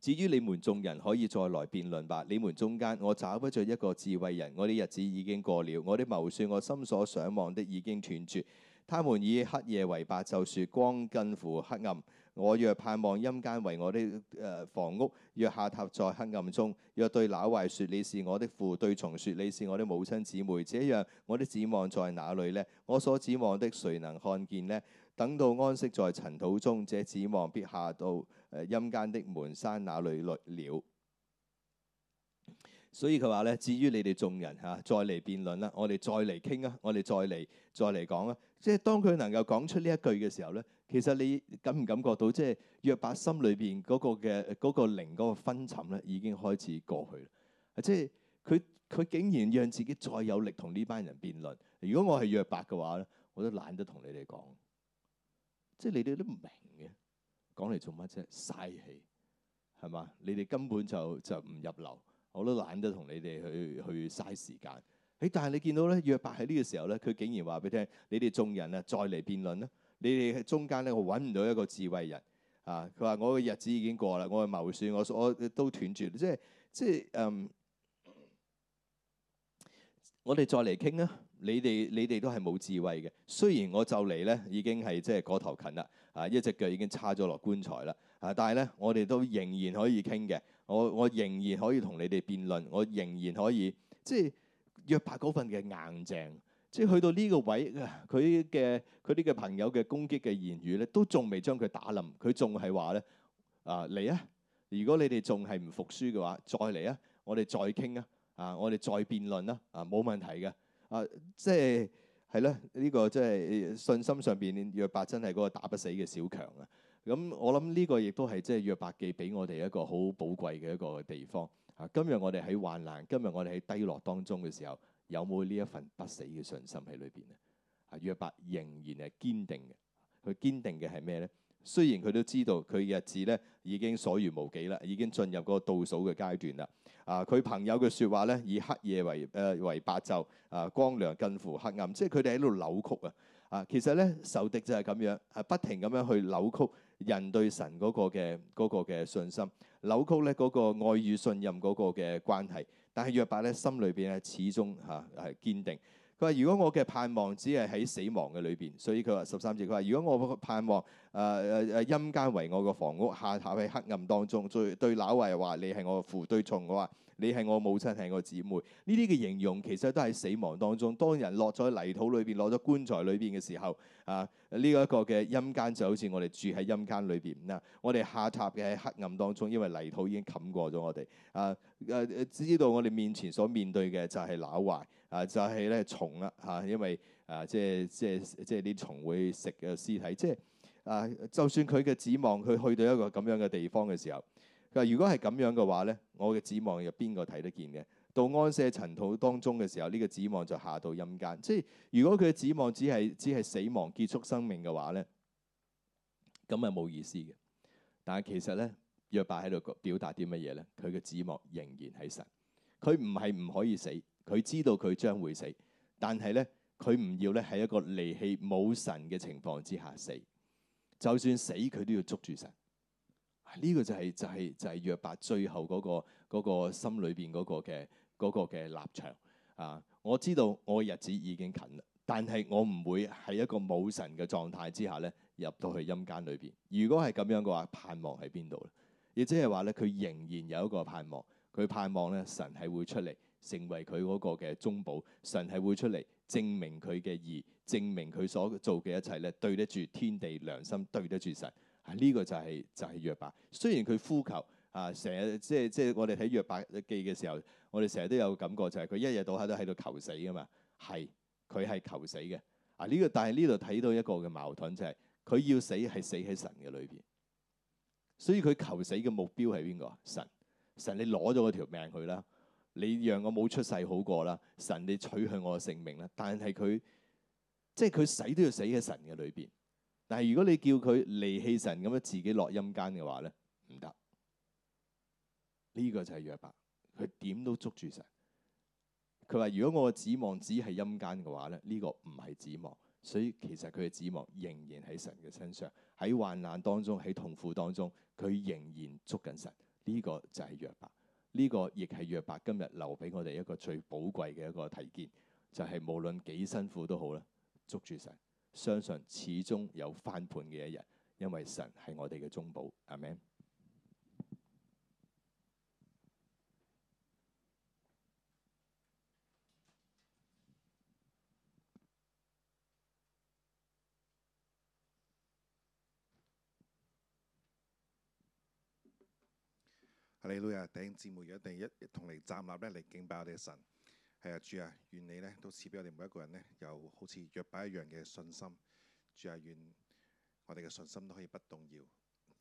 A: 至於你們眾人可以再來辯論吧。你們中間我找不着一個智慧人。我啲日子已經過了。我啲謀算我心所想望的已經斷絕。他們以黑夜為白晝，說光近乎黑暗。我若盼望陰間為我的誒房屋，若下榻在黑暗中，若對那壞說你是我的父，對蟲說你是我的母親姊妹，這樣我的指望在哪裏呢？我所指望的誰能看見呢？等到安息在塵土中，這指望必下到誒陰間的門閂哪裏來了？所以佢話咧，至於你哋眾人吓，再嚟辯論啦，我哋再嚟傾啊，我哋再嚟再嚟講啊，即係當佢能夠講出呢一句嘅時候咧。其實你感唔感覺到，即係約伯心裏邊嗰個嘅嗰個靈嗰個昏沉咧，已經開始過去啦。即係佢佢竟然讓自己再有力同呢班人辯論。如果我係約伯嘅話咧，我都懶得同你哋講。即係你哋都唔明嘅，講嚟做乜啫？嘥氣係嘛？你哋根本就就唔入流，我都懶得同你哋去去嘥時間。誒，但係你見到咧，約伯喺呢個時候咧，佢竟然話俾你聽：你哋眾人啊，再嚟辯論啦！你哋喺中間咧，我揾唔到一個智慧人啊！佢話：我嘅日子已經過啦，我嘅謀算，我我都斷絕。即係即係嗯，我哋再嚟傾啦。你哋你哋都係冇智慧嘅。雖然我就嚟咧，已經係即係嗰頭近啦，啊一隻腳已經叉咗落棺材啦。啊，但係咧，我哋都仍然可以傾嘅。我我仍然可以同你哋辯論，我仍然可以即係約伯嗰份嘅硬淨。即係去到呢個位嘅，佢嘅佢呢嘅朋友嘅攻擊嘅言語咧，都仲未將佢打冧，佢仲係話咧：啊嚟啊！如果你哋仲係唔服輸嘅話，再嚟啊！我哋再傾啊！啊，我哋再辯論啦！啊，冇問題嘅啊，即係係啦，呢個即係信心上邊，約伯真係嗰個打不死嘅小強啊！咁我諗呢個亦都係即係約伯記俾我哋一個好寶貴嘅一個地方啊！今日我哋喺患難，今日我哋喺低落當中嘅時候，有冇呢一份不死嘅信心喺裏邊咧？啊，約伯仍然係堅定嘅。佢堅定嘅係咩咧？雖然佢都知道佢嘅日子咧已經所餘無幾啦，已經進入嗰個倒數嘅階段啦。啊，佢朋友嘅説話咧，以黑夜為誒、呃、為白晝，啊光亮近乎黑暗，即係佢哋喺度扭曲啊。啊，其實咧仇敵就係咁樣，係不停咁樣去扭曲人對神嗰個嘅嗰個嘅信心，扭曲咧嗰、嗰個愛與信任嗰個嘅關係。但係約伯咧，心裏邊咧始終嚇係堅定。佢話：如果我嘅盼望只係喺死亡嘅裏邊，所以佢話十三節，佢話：如果我嘅盼望誒誒誒陰間為我嘅房屋，下榻喺黑暗當中，對對朽壞話你係我嘅父。對，我父對蟲我話。你係我母親，係我姊妹，呢啲嘅形容其實都係死亡當中。當人落咗泥土裏邊，落咗棺材裏邊嘅時候，啊，呢、這個、一個嘅陰間就好似我哋住喺陰間裏邊嗱，我哋下榻嘅喺黑暗當中，因為泥土已經冚過咗我哋。啊，誒、啊、知道我哋面前所面對嘅就係朽壞，啊就係、是、咧蟲啦，嚇、啊，因為啊即係即係即係啲蟲會食嘅屍體，即係啊，就算佢嘅指望佢去到一個咁樣嘅地方嘅時候。嗱，如果係咁樣嘅話咧，我嘅指望有邊個睇得見嘅？到安息塵土當中嘅時候，呢個指望就下到陰間。即係如果佢嘅指望只係只係死亡結束生命嘅話咧，咁啊冇意思嘅。但係其實咧，約伯喺度表達啲乜嘢咧？佢嘅指望仍然係神。佢唔係唔可以死，佢知道佢將會死，但係咧，佢唔要咧喺一個離棄冇神嘅情況之下死。就算死，佢都要捉住神。呢個就係、是、就係、是、就係約伯最後嗰、那個那個心裏邊嗰個嘅嗰嘅立場啊！我知道我日子已經近啦，但係我唔會喺一個冇神嘅狀態之下咧入到去陰間裏邊。如果係咁樣嘅話，盼望喺邊度咧？亦即係話咧，佢仍然有一個盼望，佢盼望咧神係會出嚟成為佢嗰個嘅中保，神係會出嚟證明佢嘅義，證明佢所做嘅一切咧對得住天地良心，對得住神。呢、啊這個就係、是、就係約伯，雖然佢呼求啊，成日即係即係我哋睇約伯記嘅時候，我哋成日都有感覺就係佢一日到黑都喺度求死㗎嘛，係佢係求死嘅啊。呢、這個但係呢度睇到一個嘅矛盾就係、是、佢要死係死喺神嘅裏邊，所以佢求死嘅目標係邊個啊？神，神你攞咗我條命佢啦，你讓我冇出世好過啦，神你取去我嘅性命啦。但係佢即係佢死都要死喺神嘅裏邊。但係如果你叫佢離棄神咁樣自己落陰間嘅話咧，唔得。呢個就係約伯，佢點都捉住神。佢話如果我嘅指望只係陰間嘅話咧，呢個唔係指望。所以其實佢嘅指望仍然喺神嘅身上，喺患難當中，喺痛苦當中，佢仍然捉緊神。呢個就係約伯，呢個亦係約伯今日留俾我哋一個最寶貴嘅一個提見，就係無論幾辛苦都好啦，捉住神。相信始終有翻盤嘅一日，因為神係我哋嘅中保。阿們，哈利路亞，弟兄姊妹一定一同嚟站立咧，嚟敬拜我哋嘅神。係啊，主啊，願你呢，都賜俾我哋每一個人呢，有好似約伯一樣嘅信心。主啊，願我哋嘅信心都可以不動搖。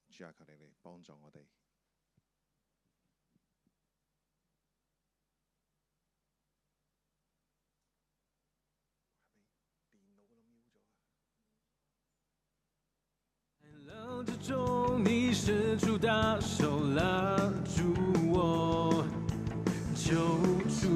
A: 主啊，求你嚟幫助我
B: 哋。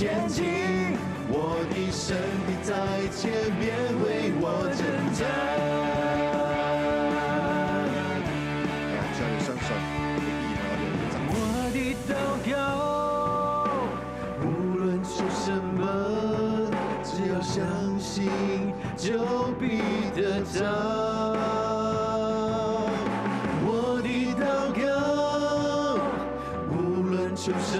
B: 前進，我的身體在前面為我掙扎。我的禱告，無論說什麼，只要相信就必得着。我的禱告，無論求什。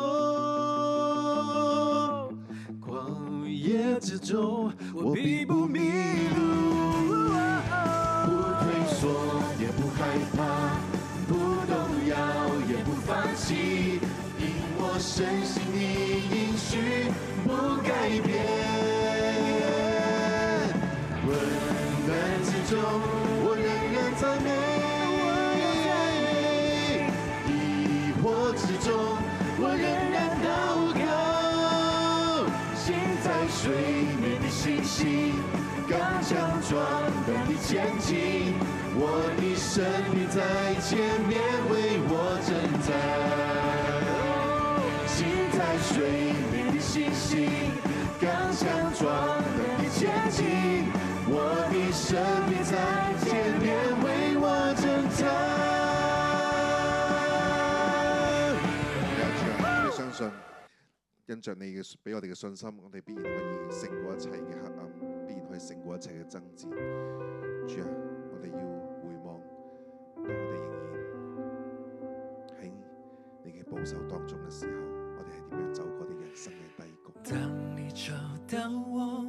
B: 剛強壯膽你前進，我的身體在前面為我掙扎。心在水眠的星星剛強壯膽你前進，我的身體在前面為我掙
A: 扎，oh。我相信，因着你嘅俾我哋嘅信心，我哋必然可以勝過一切嘅黑暗。係勝過一切嘅爭戰，主啊，我哋要回望，當我哋仍然喺你嘅保守
B: 當中嘅時候，我哋係點樣走過啲人生嘅低谷。當你找到我，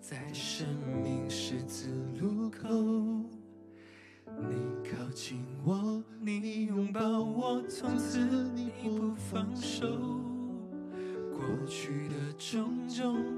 B: 在生命十字路口，你靠近我，你擁抱我，從此你不放手，過去的種種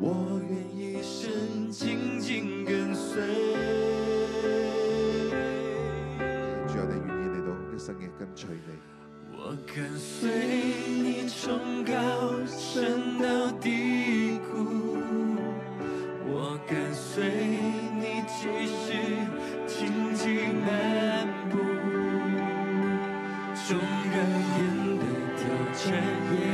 B: 我願一生緊緊跟隨。只要你願意嚟到，一生也跟隨你。我跟隨你從高山到低谷，我跟隨你繼續荊棘漫步，縱然面對挑戰。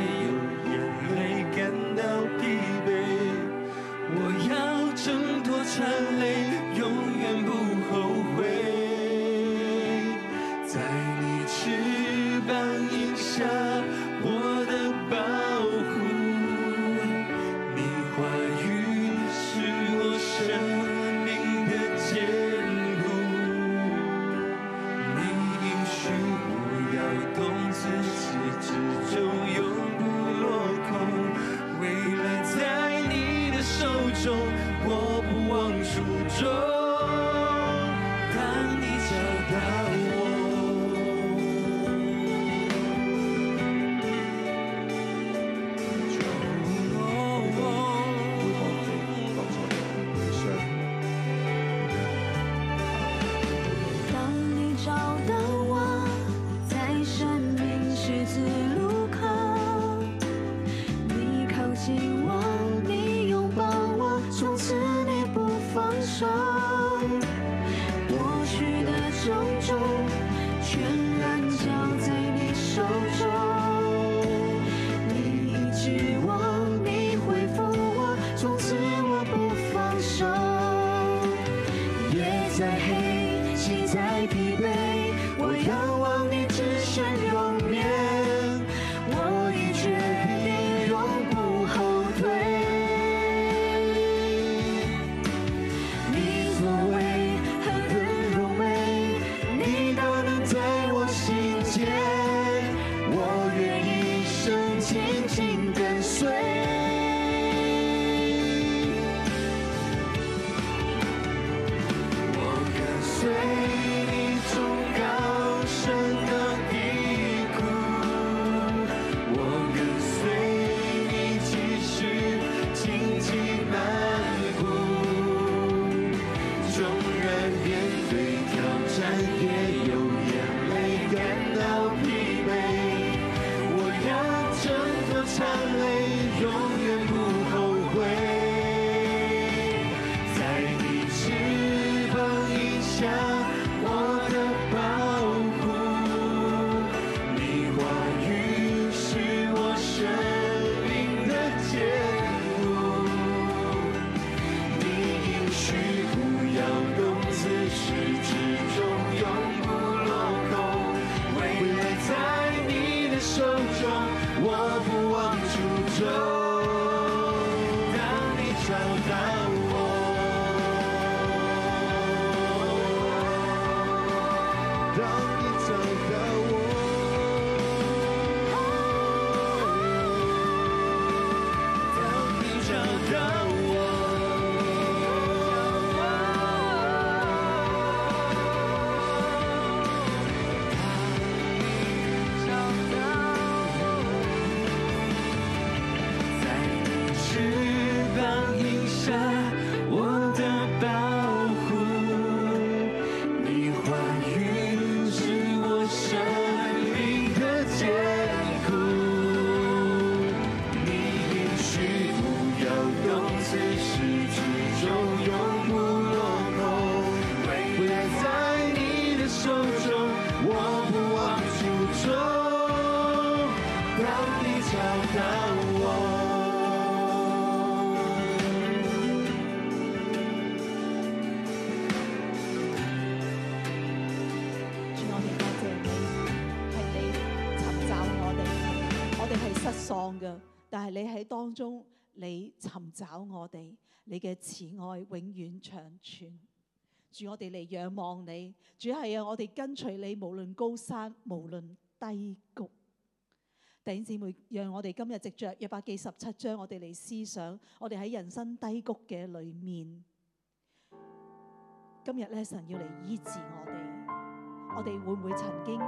B: 過去的種種。
C: 中你尋找我哋，你嘅慈愛永遠長存。主，我哋嚟仰望你，主係要，我哋跟隨你，無論高山，無論低谷。弟兄姊妹，讓我哋今日藉着約伯記十七章，我哋嚟思想，我哋喺人生低谷嘅裏面，今日咧神要嚟醫治我哋。我哋會唔會曾經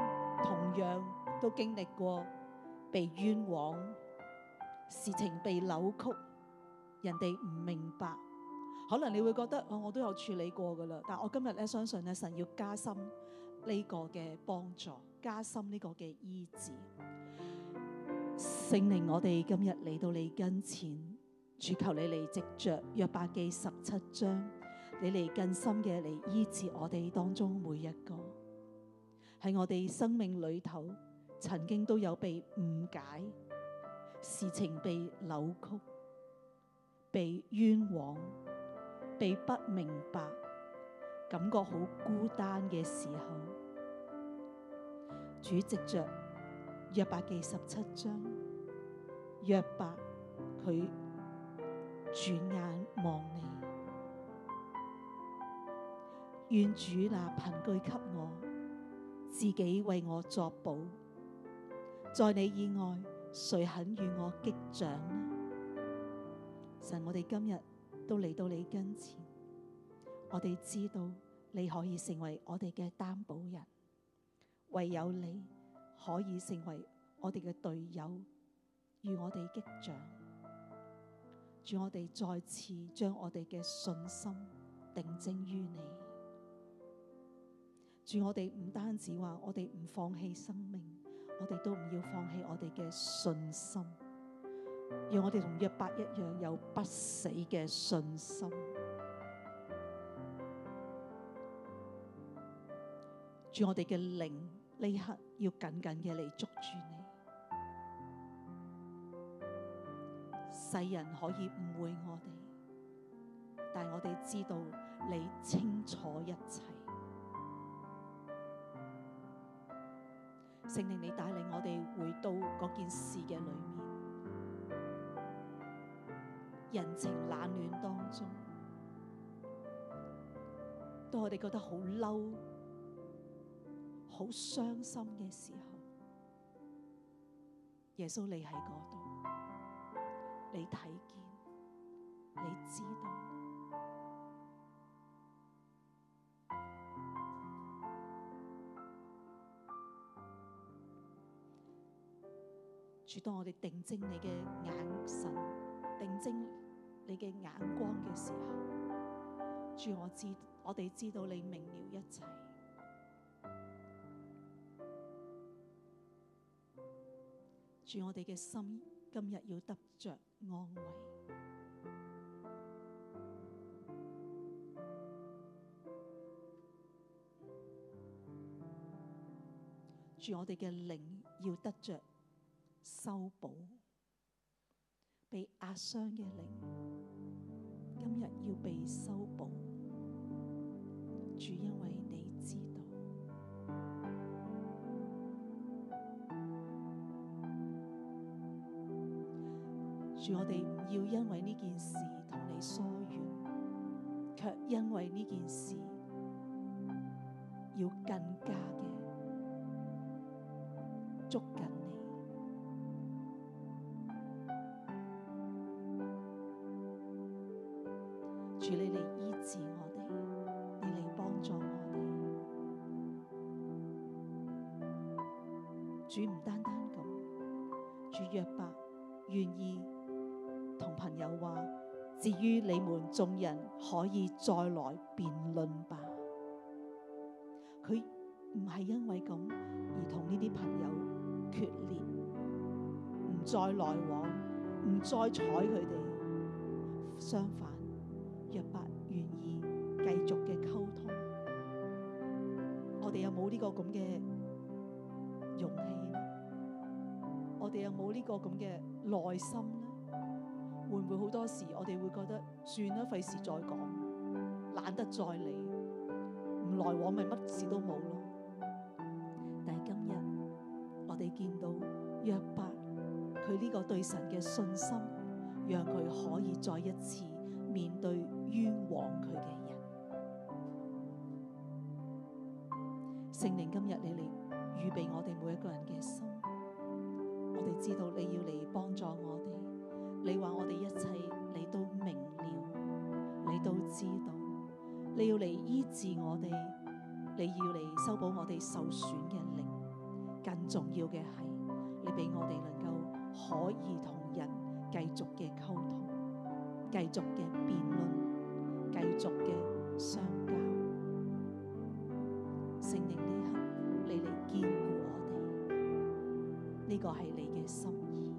C: 同樣都經歷過被冤枉？事情被扭曲，人哋唔明白，可能你會覺得哦，我都有處理過噶啦。但我今日咧，相信咧，神要加深呢個嘅幫助，加深呢個嘅醫治。聖靈，我哋今日嚟到你跟前，主求你嚟藉着約伯記十七章，你嚟更深嘅嚟醫治我哋當中每一個，喺我哋生命裏頭曾經都有被誤解。事情被扭曲、被冤枉、被不明白，感覺好孤單嘅時候，主藉着約伯記十七章，約伯佢轉眼望你，願主拿憑據給我，自己為我作保，在你以外。誰肯與我擊掌呢？神，我哋今日都嚟到你跟前，我哋知道你可以成為我哋嘅擔保人，唯有你可以成為我哋嘅隊友，與我哋擊掌。主，我哋再次將我哋嘅信心定睛於你。主，我哋唔單止話我哋唔放棄生命。我哋都唔要放棄我哋嘅信心，讓我哋同約伯一樣有不死嘅信心。主，我哋嘅靈呢刻要緊緊嘅嚟捉住你。世人可以誤會我哋，但係我哋知道你清楚一切。聖靈你帶領我哋回到嗰件事嘅裏面，人情冷暖當中，當我哋覺得好嬲、好傷心嘅時候，耶穌你喺嗰度，你睇見，你知道。主，當我哋定睛你嘅眼神，定睛你嘅眼光嘅時候，主，我知我哋知道你明了一切，主，我哋嘅心今日要得着安慰，主，我哋嘅靈要得着。修補被壓傷嘅靈，今日要被修補。主因為你知道，主我哋唔要因為呢件事同你疏遠，卻因為呢件事要更加嘅捉緊。於你們眾人可以再來辯論吧。佢唔係因為咁而同呢啲朋友決裂，唔再來往，唔再睬佢哋。相反，約伯願意繼續嘅溝通，我哋有冇呢個咁嘅勇氣？我哋有冇呢個咁嘅耐心？會唔會好多時，我哋會覺得算啦，費事再講，懶得再嚟，唔來往咪乜事都冇咯。但係今日我哋見到約伯，佢呢個對神嘅信心，讓佢可以再一次面對冤枉佢嘅人。聖靈今日你嚟預備我哋每一個人嘅心，我哋知道你要嚟幫助我。你話我哋一切，你都明了，你都知道，你要嚟醫治我哋，你要嚟修補我哋受損嘅靈，更重要嘅係，你俾我哋能夠可以同人繼續嘅溝通，繼續嘅辯論，繼續嘅相交，聖靈呢刻，你嚟堅固我哋，呢、這個係你嘅心意。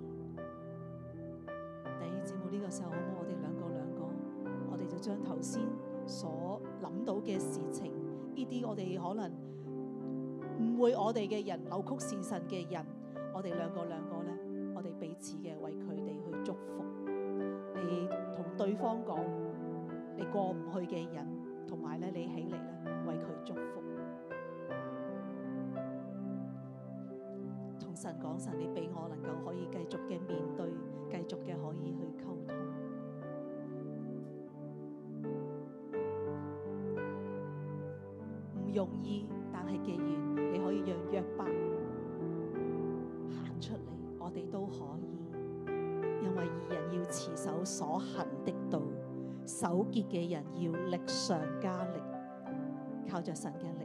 C: 時候，我哋兩個兩個，我哋就將頭先所諗到嘅事情，呢啲我哋可能誤會我哋嘅人，扭曲事實嘅人，我哋兩個兩個咧，我哋彼此嘅為佢哋去祝福，你同對方講，你過唔去嘅人，同埋咧你起嚟咧，為佢祝福，同神講，神，你俾我能夠可以繼續嘅面。容易，但係既然你可以讓約伯行出嚟，我哋都可以。因為義人要持守所行的道，手潔嘅人要力上加力，靠着神嘅力。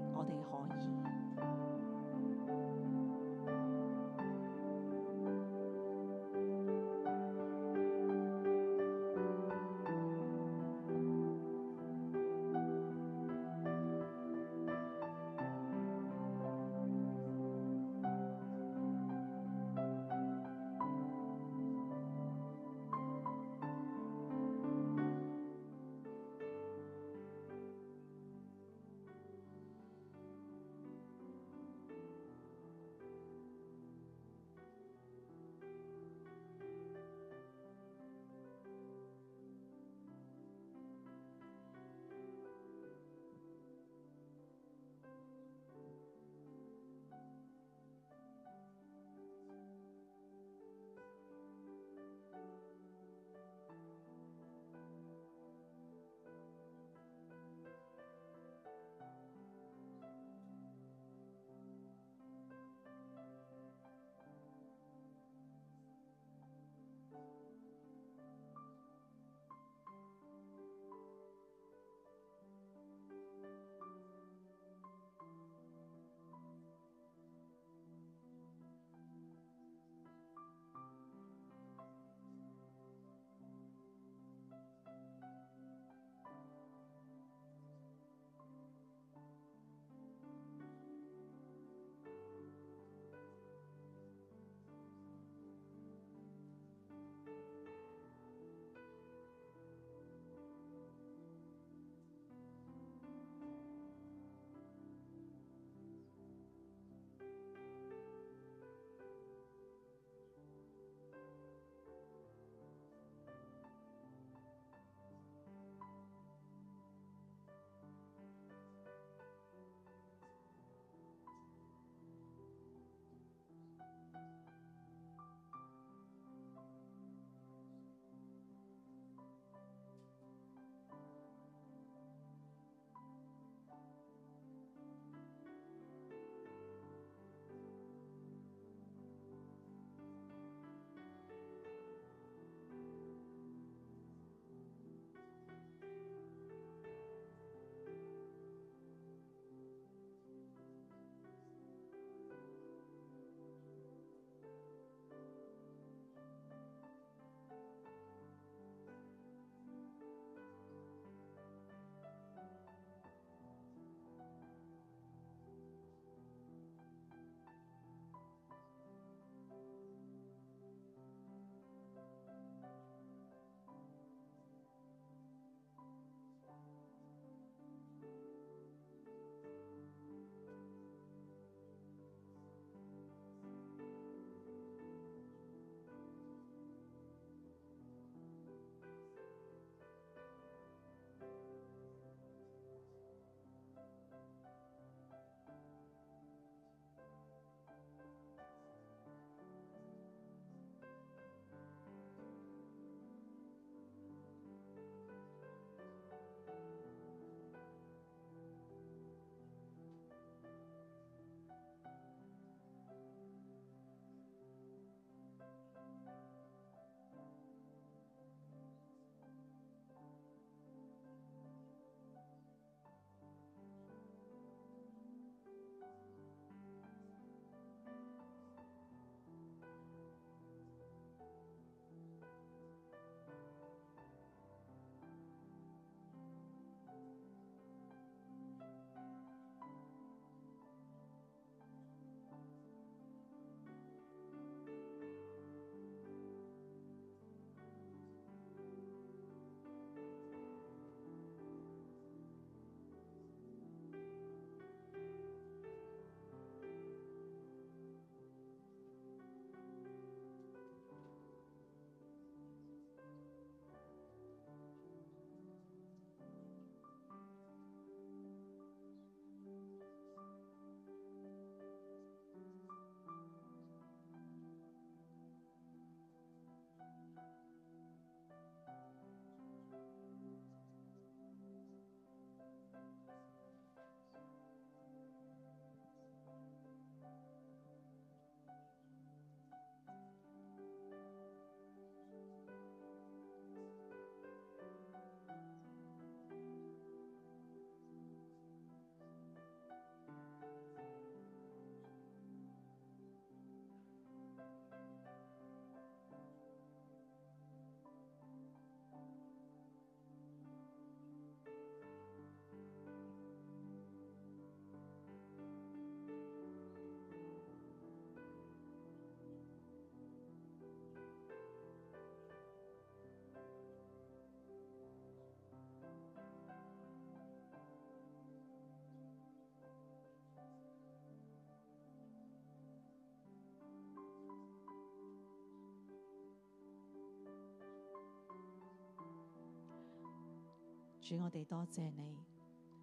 C: 主，我哋多謝你，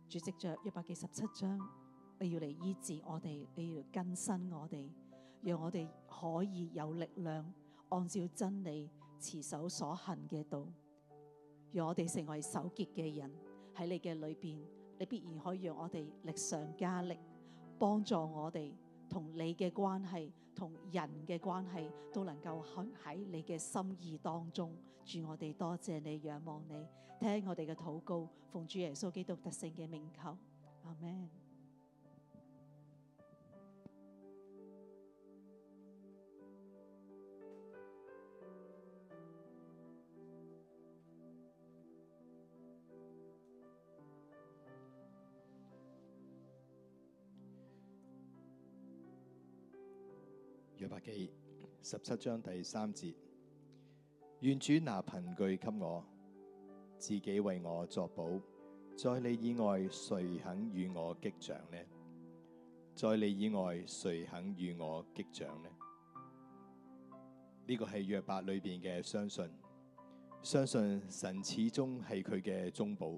C: 主藉着一百幾十七章，你要嚟醫治我哋，你要嚟更新我哋，讓我哋可以有力量，按照真理持守所行嘅道，讓我哋成為守潔嘅人。喺你嘅裏邊，你必然可以讓我哋力上加力，幫助我哋同你嘅關係。同人嘅關係都能夠喺你嘅心意當中，主，我哋多謝你，仰望你，聽我哋嘅禱告，奉主耶穌基督得勝嘅名求，阿門。
A: 十七章第三節，願主拿憑據給我，自己為我作保。在你以外，誰肯與我擊掌呢？在你以外，誰肯與我擊掌呢？呢、這個係約伯裏邊嘅相信，相信神始終係佢嘅中保，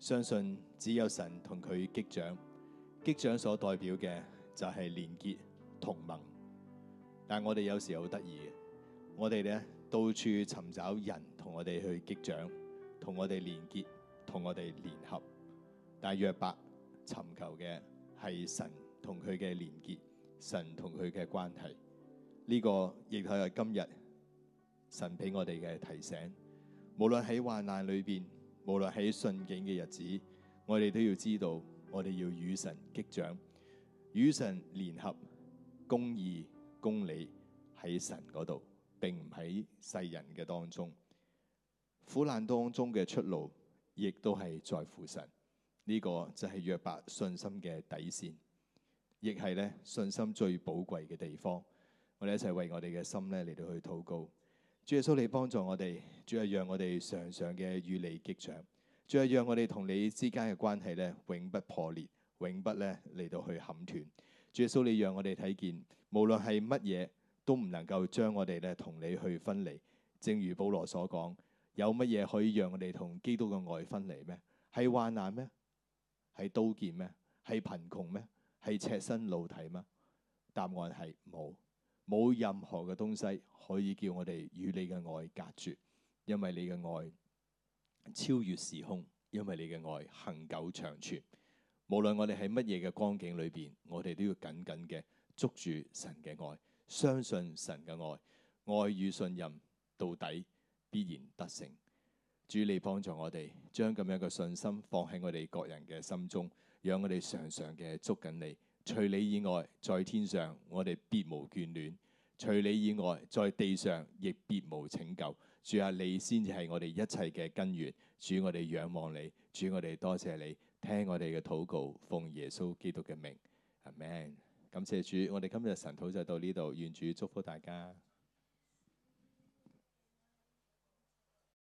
A: 相信只有神同佢擊掌，擊掌所代表嘅就係連結同盟。但我哋有時好得意嘅，我哋咧到處尋找人同我哋去擊掌，同我哋連結，同我哋聯合。但係約伯尋求嘅係神同佢嘅連結，神同佢嘅關係。呢個亦都係今日神俾我哋嘅提醒。無論喺患難裏邊，無論喺順境嘅日子，我哋都要知道，我哋要與神擊掌，與神聯合，公義，公理喺神嗰度，並唔喺世人嘅當中。苦難當中嘅出路，亦都係在乎神。呢、這個就係約伯信心嘅底線，亦係咧信心最寶貴嘅地方。我哋一齊為我哋嘅心咧嚟到去禱告。主耶穌，你幫助我哋。主啊，讓我哋常常嘅與你擊掌。主啊，讓我哋同你之間嘅關係咧永不破裂，永不咧嚟到去砍斷。主，你讓我哋睇見，無論係乜嘢，都唔能夠將我哋咧同你去分離。正如保羅所講，有乜嘢可以讓我哋同基督嘅愛分離咩？係患難咩？係刀劍咩？係貧窮咩？係赤身露體嗎？答案係冇，冇任何嘅東西可以叫我哋與你嘅愛隔絕，因為你嘅愛超越時空，因為你嘅愛恆久長存。無論我哋喺乜嘢嘅光景裏邊，我哋都要緊緊嘅捉住神嘅愛，相信神嘅愛，愛與信任到底必然得勝。主你幫助我哋，將咁樣嘅信心放喺我哋各人嘅心中，讓我哋常常嘅捉緊你。除你以外，在天上我哋別無眷戀；除你以外，在地上亦別無拯救。主啊，你先至係我哋一切嘅根源。主，我哋仰望你，主，我哋多謝你。聽我哋嘅禱告，奉耶穌基督嘅名，阿門。感謝主，我哋今日晨禱就到呢度，願主祝福大家。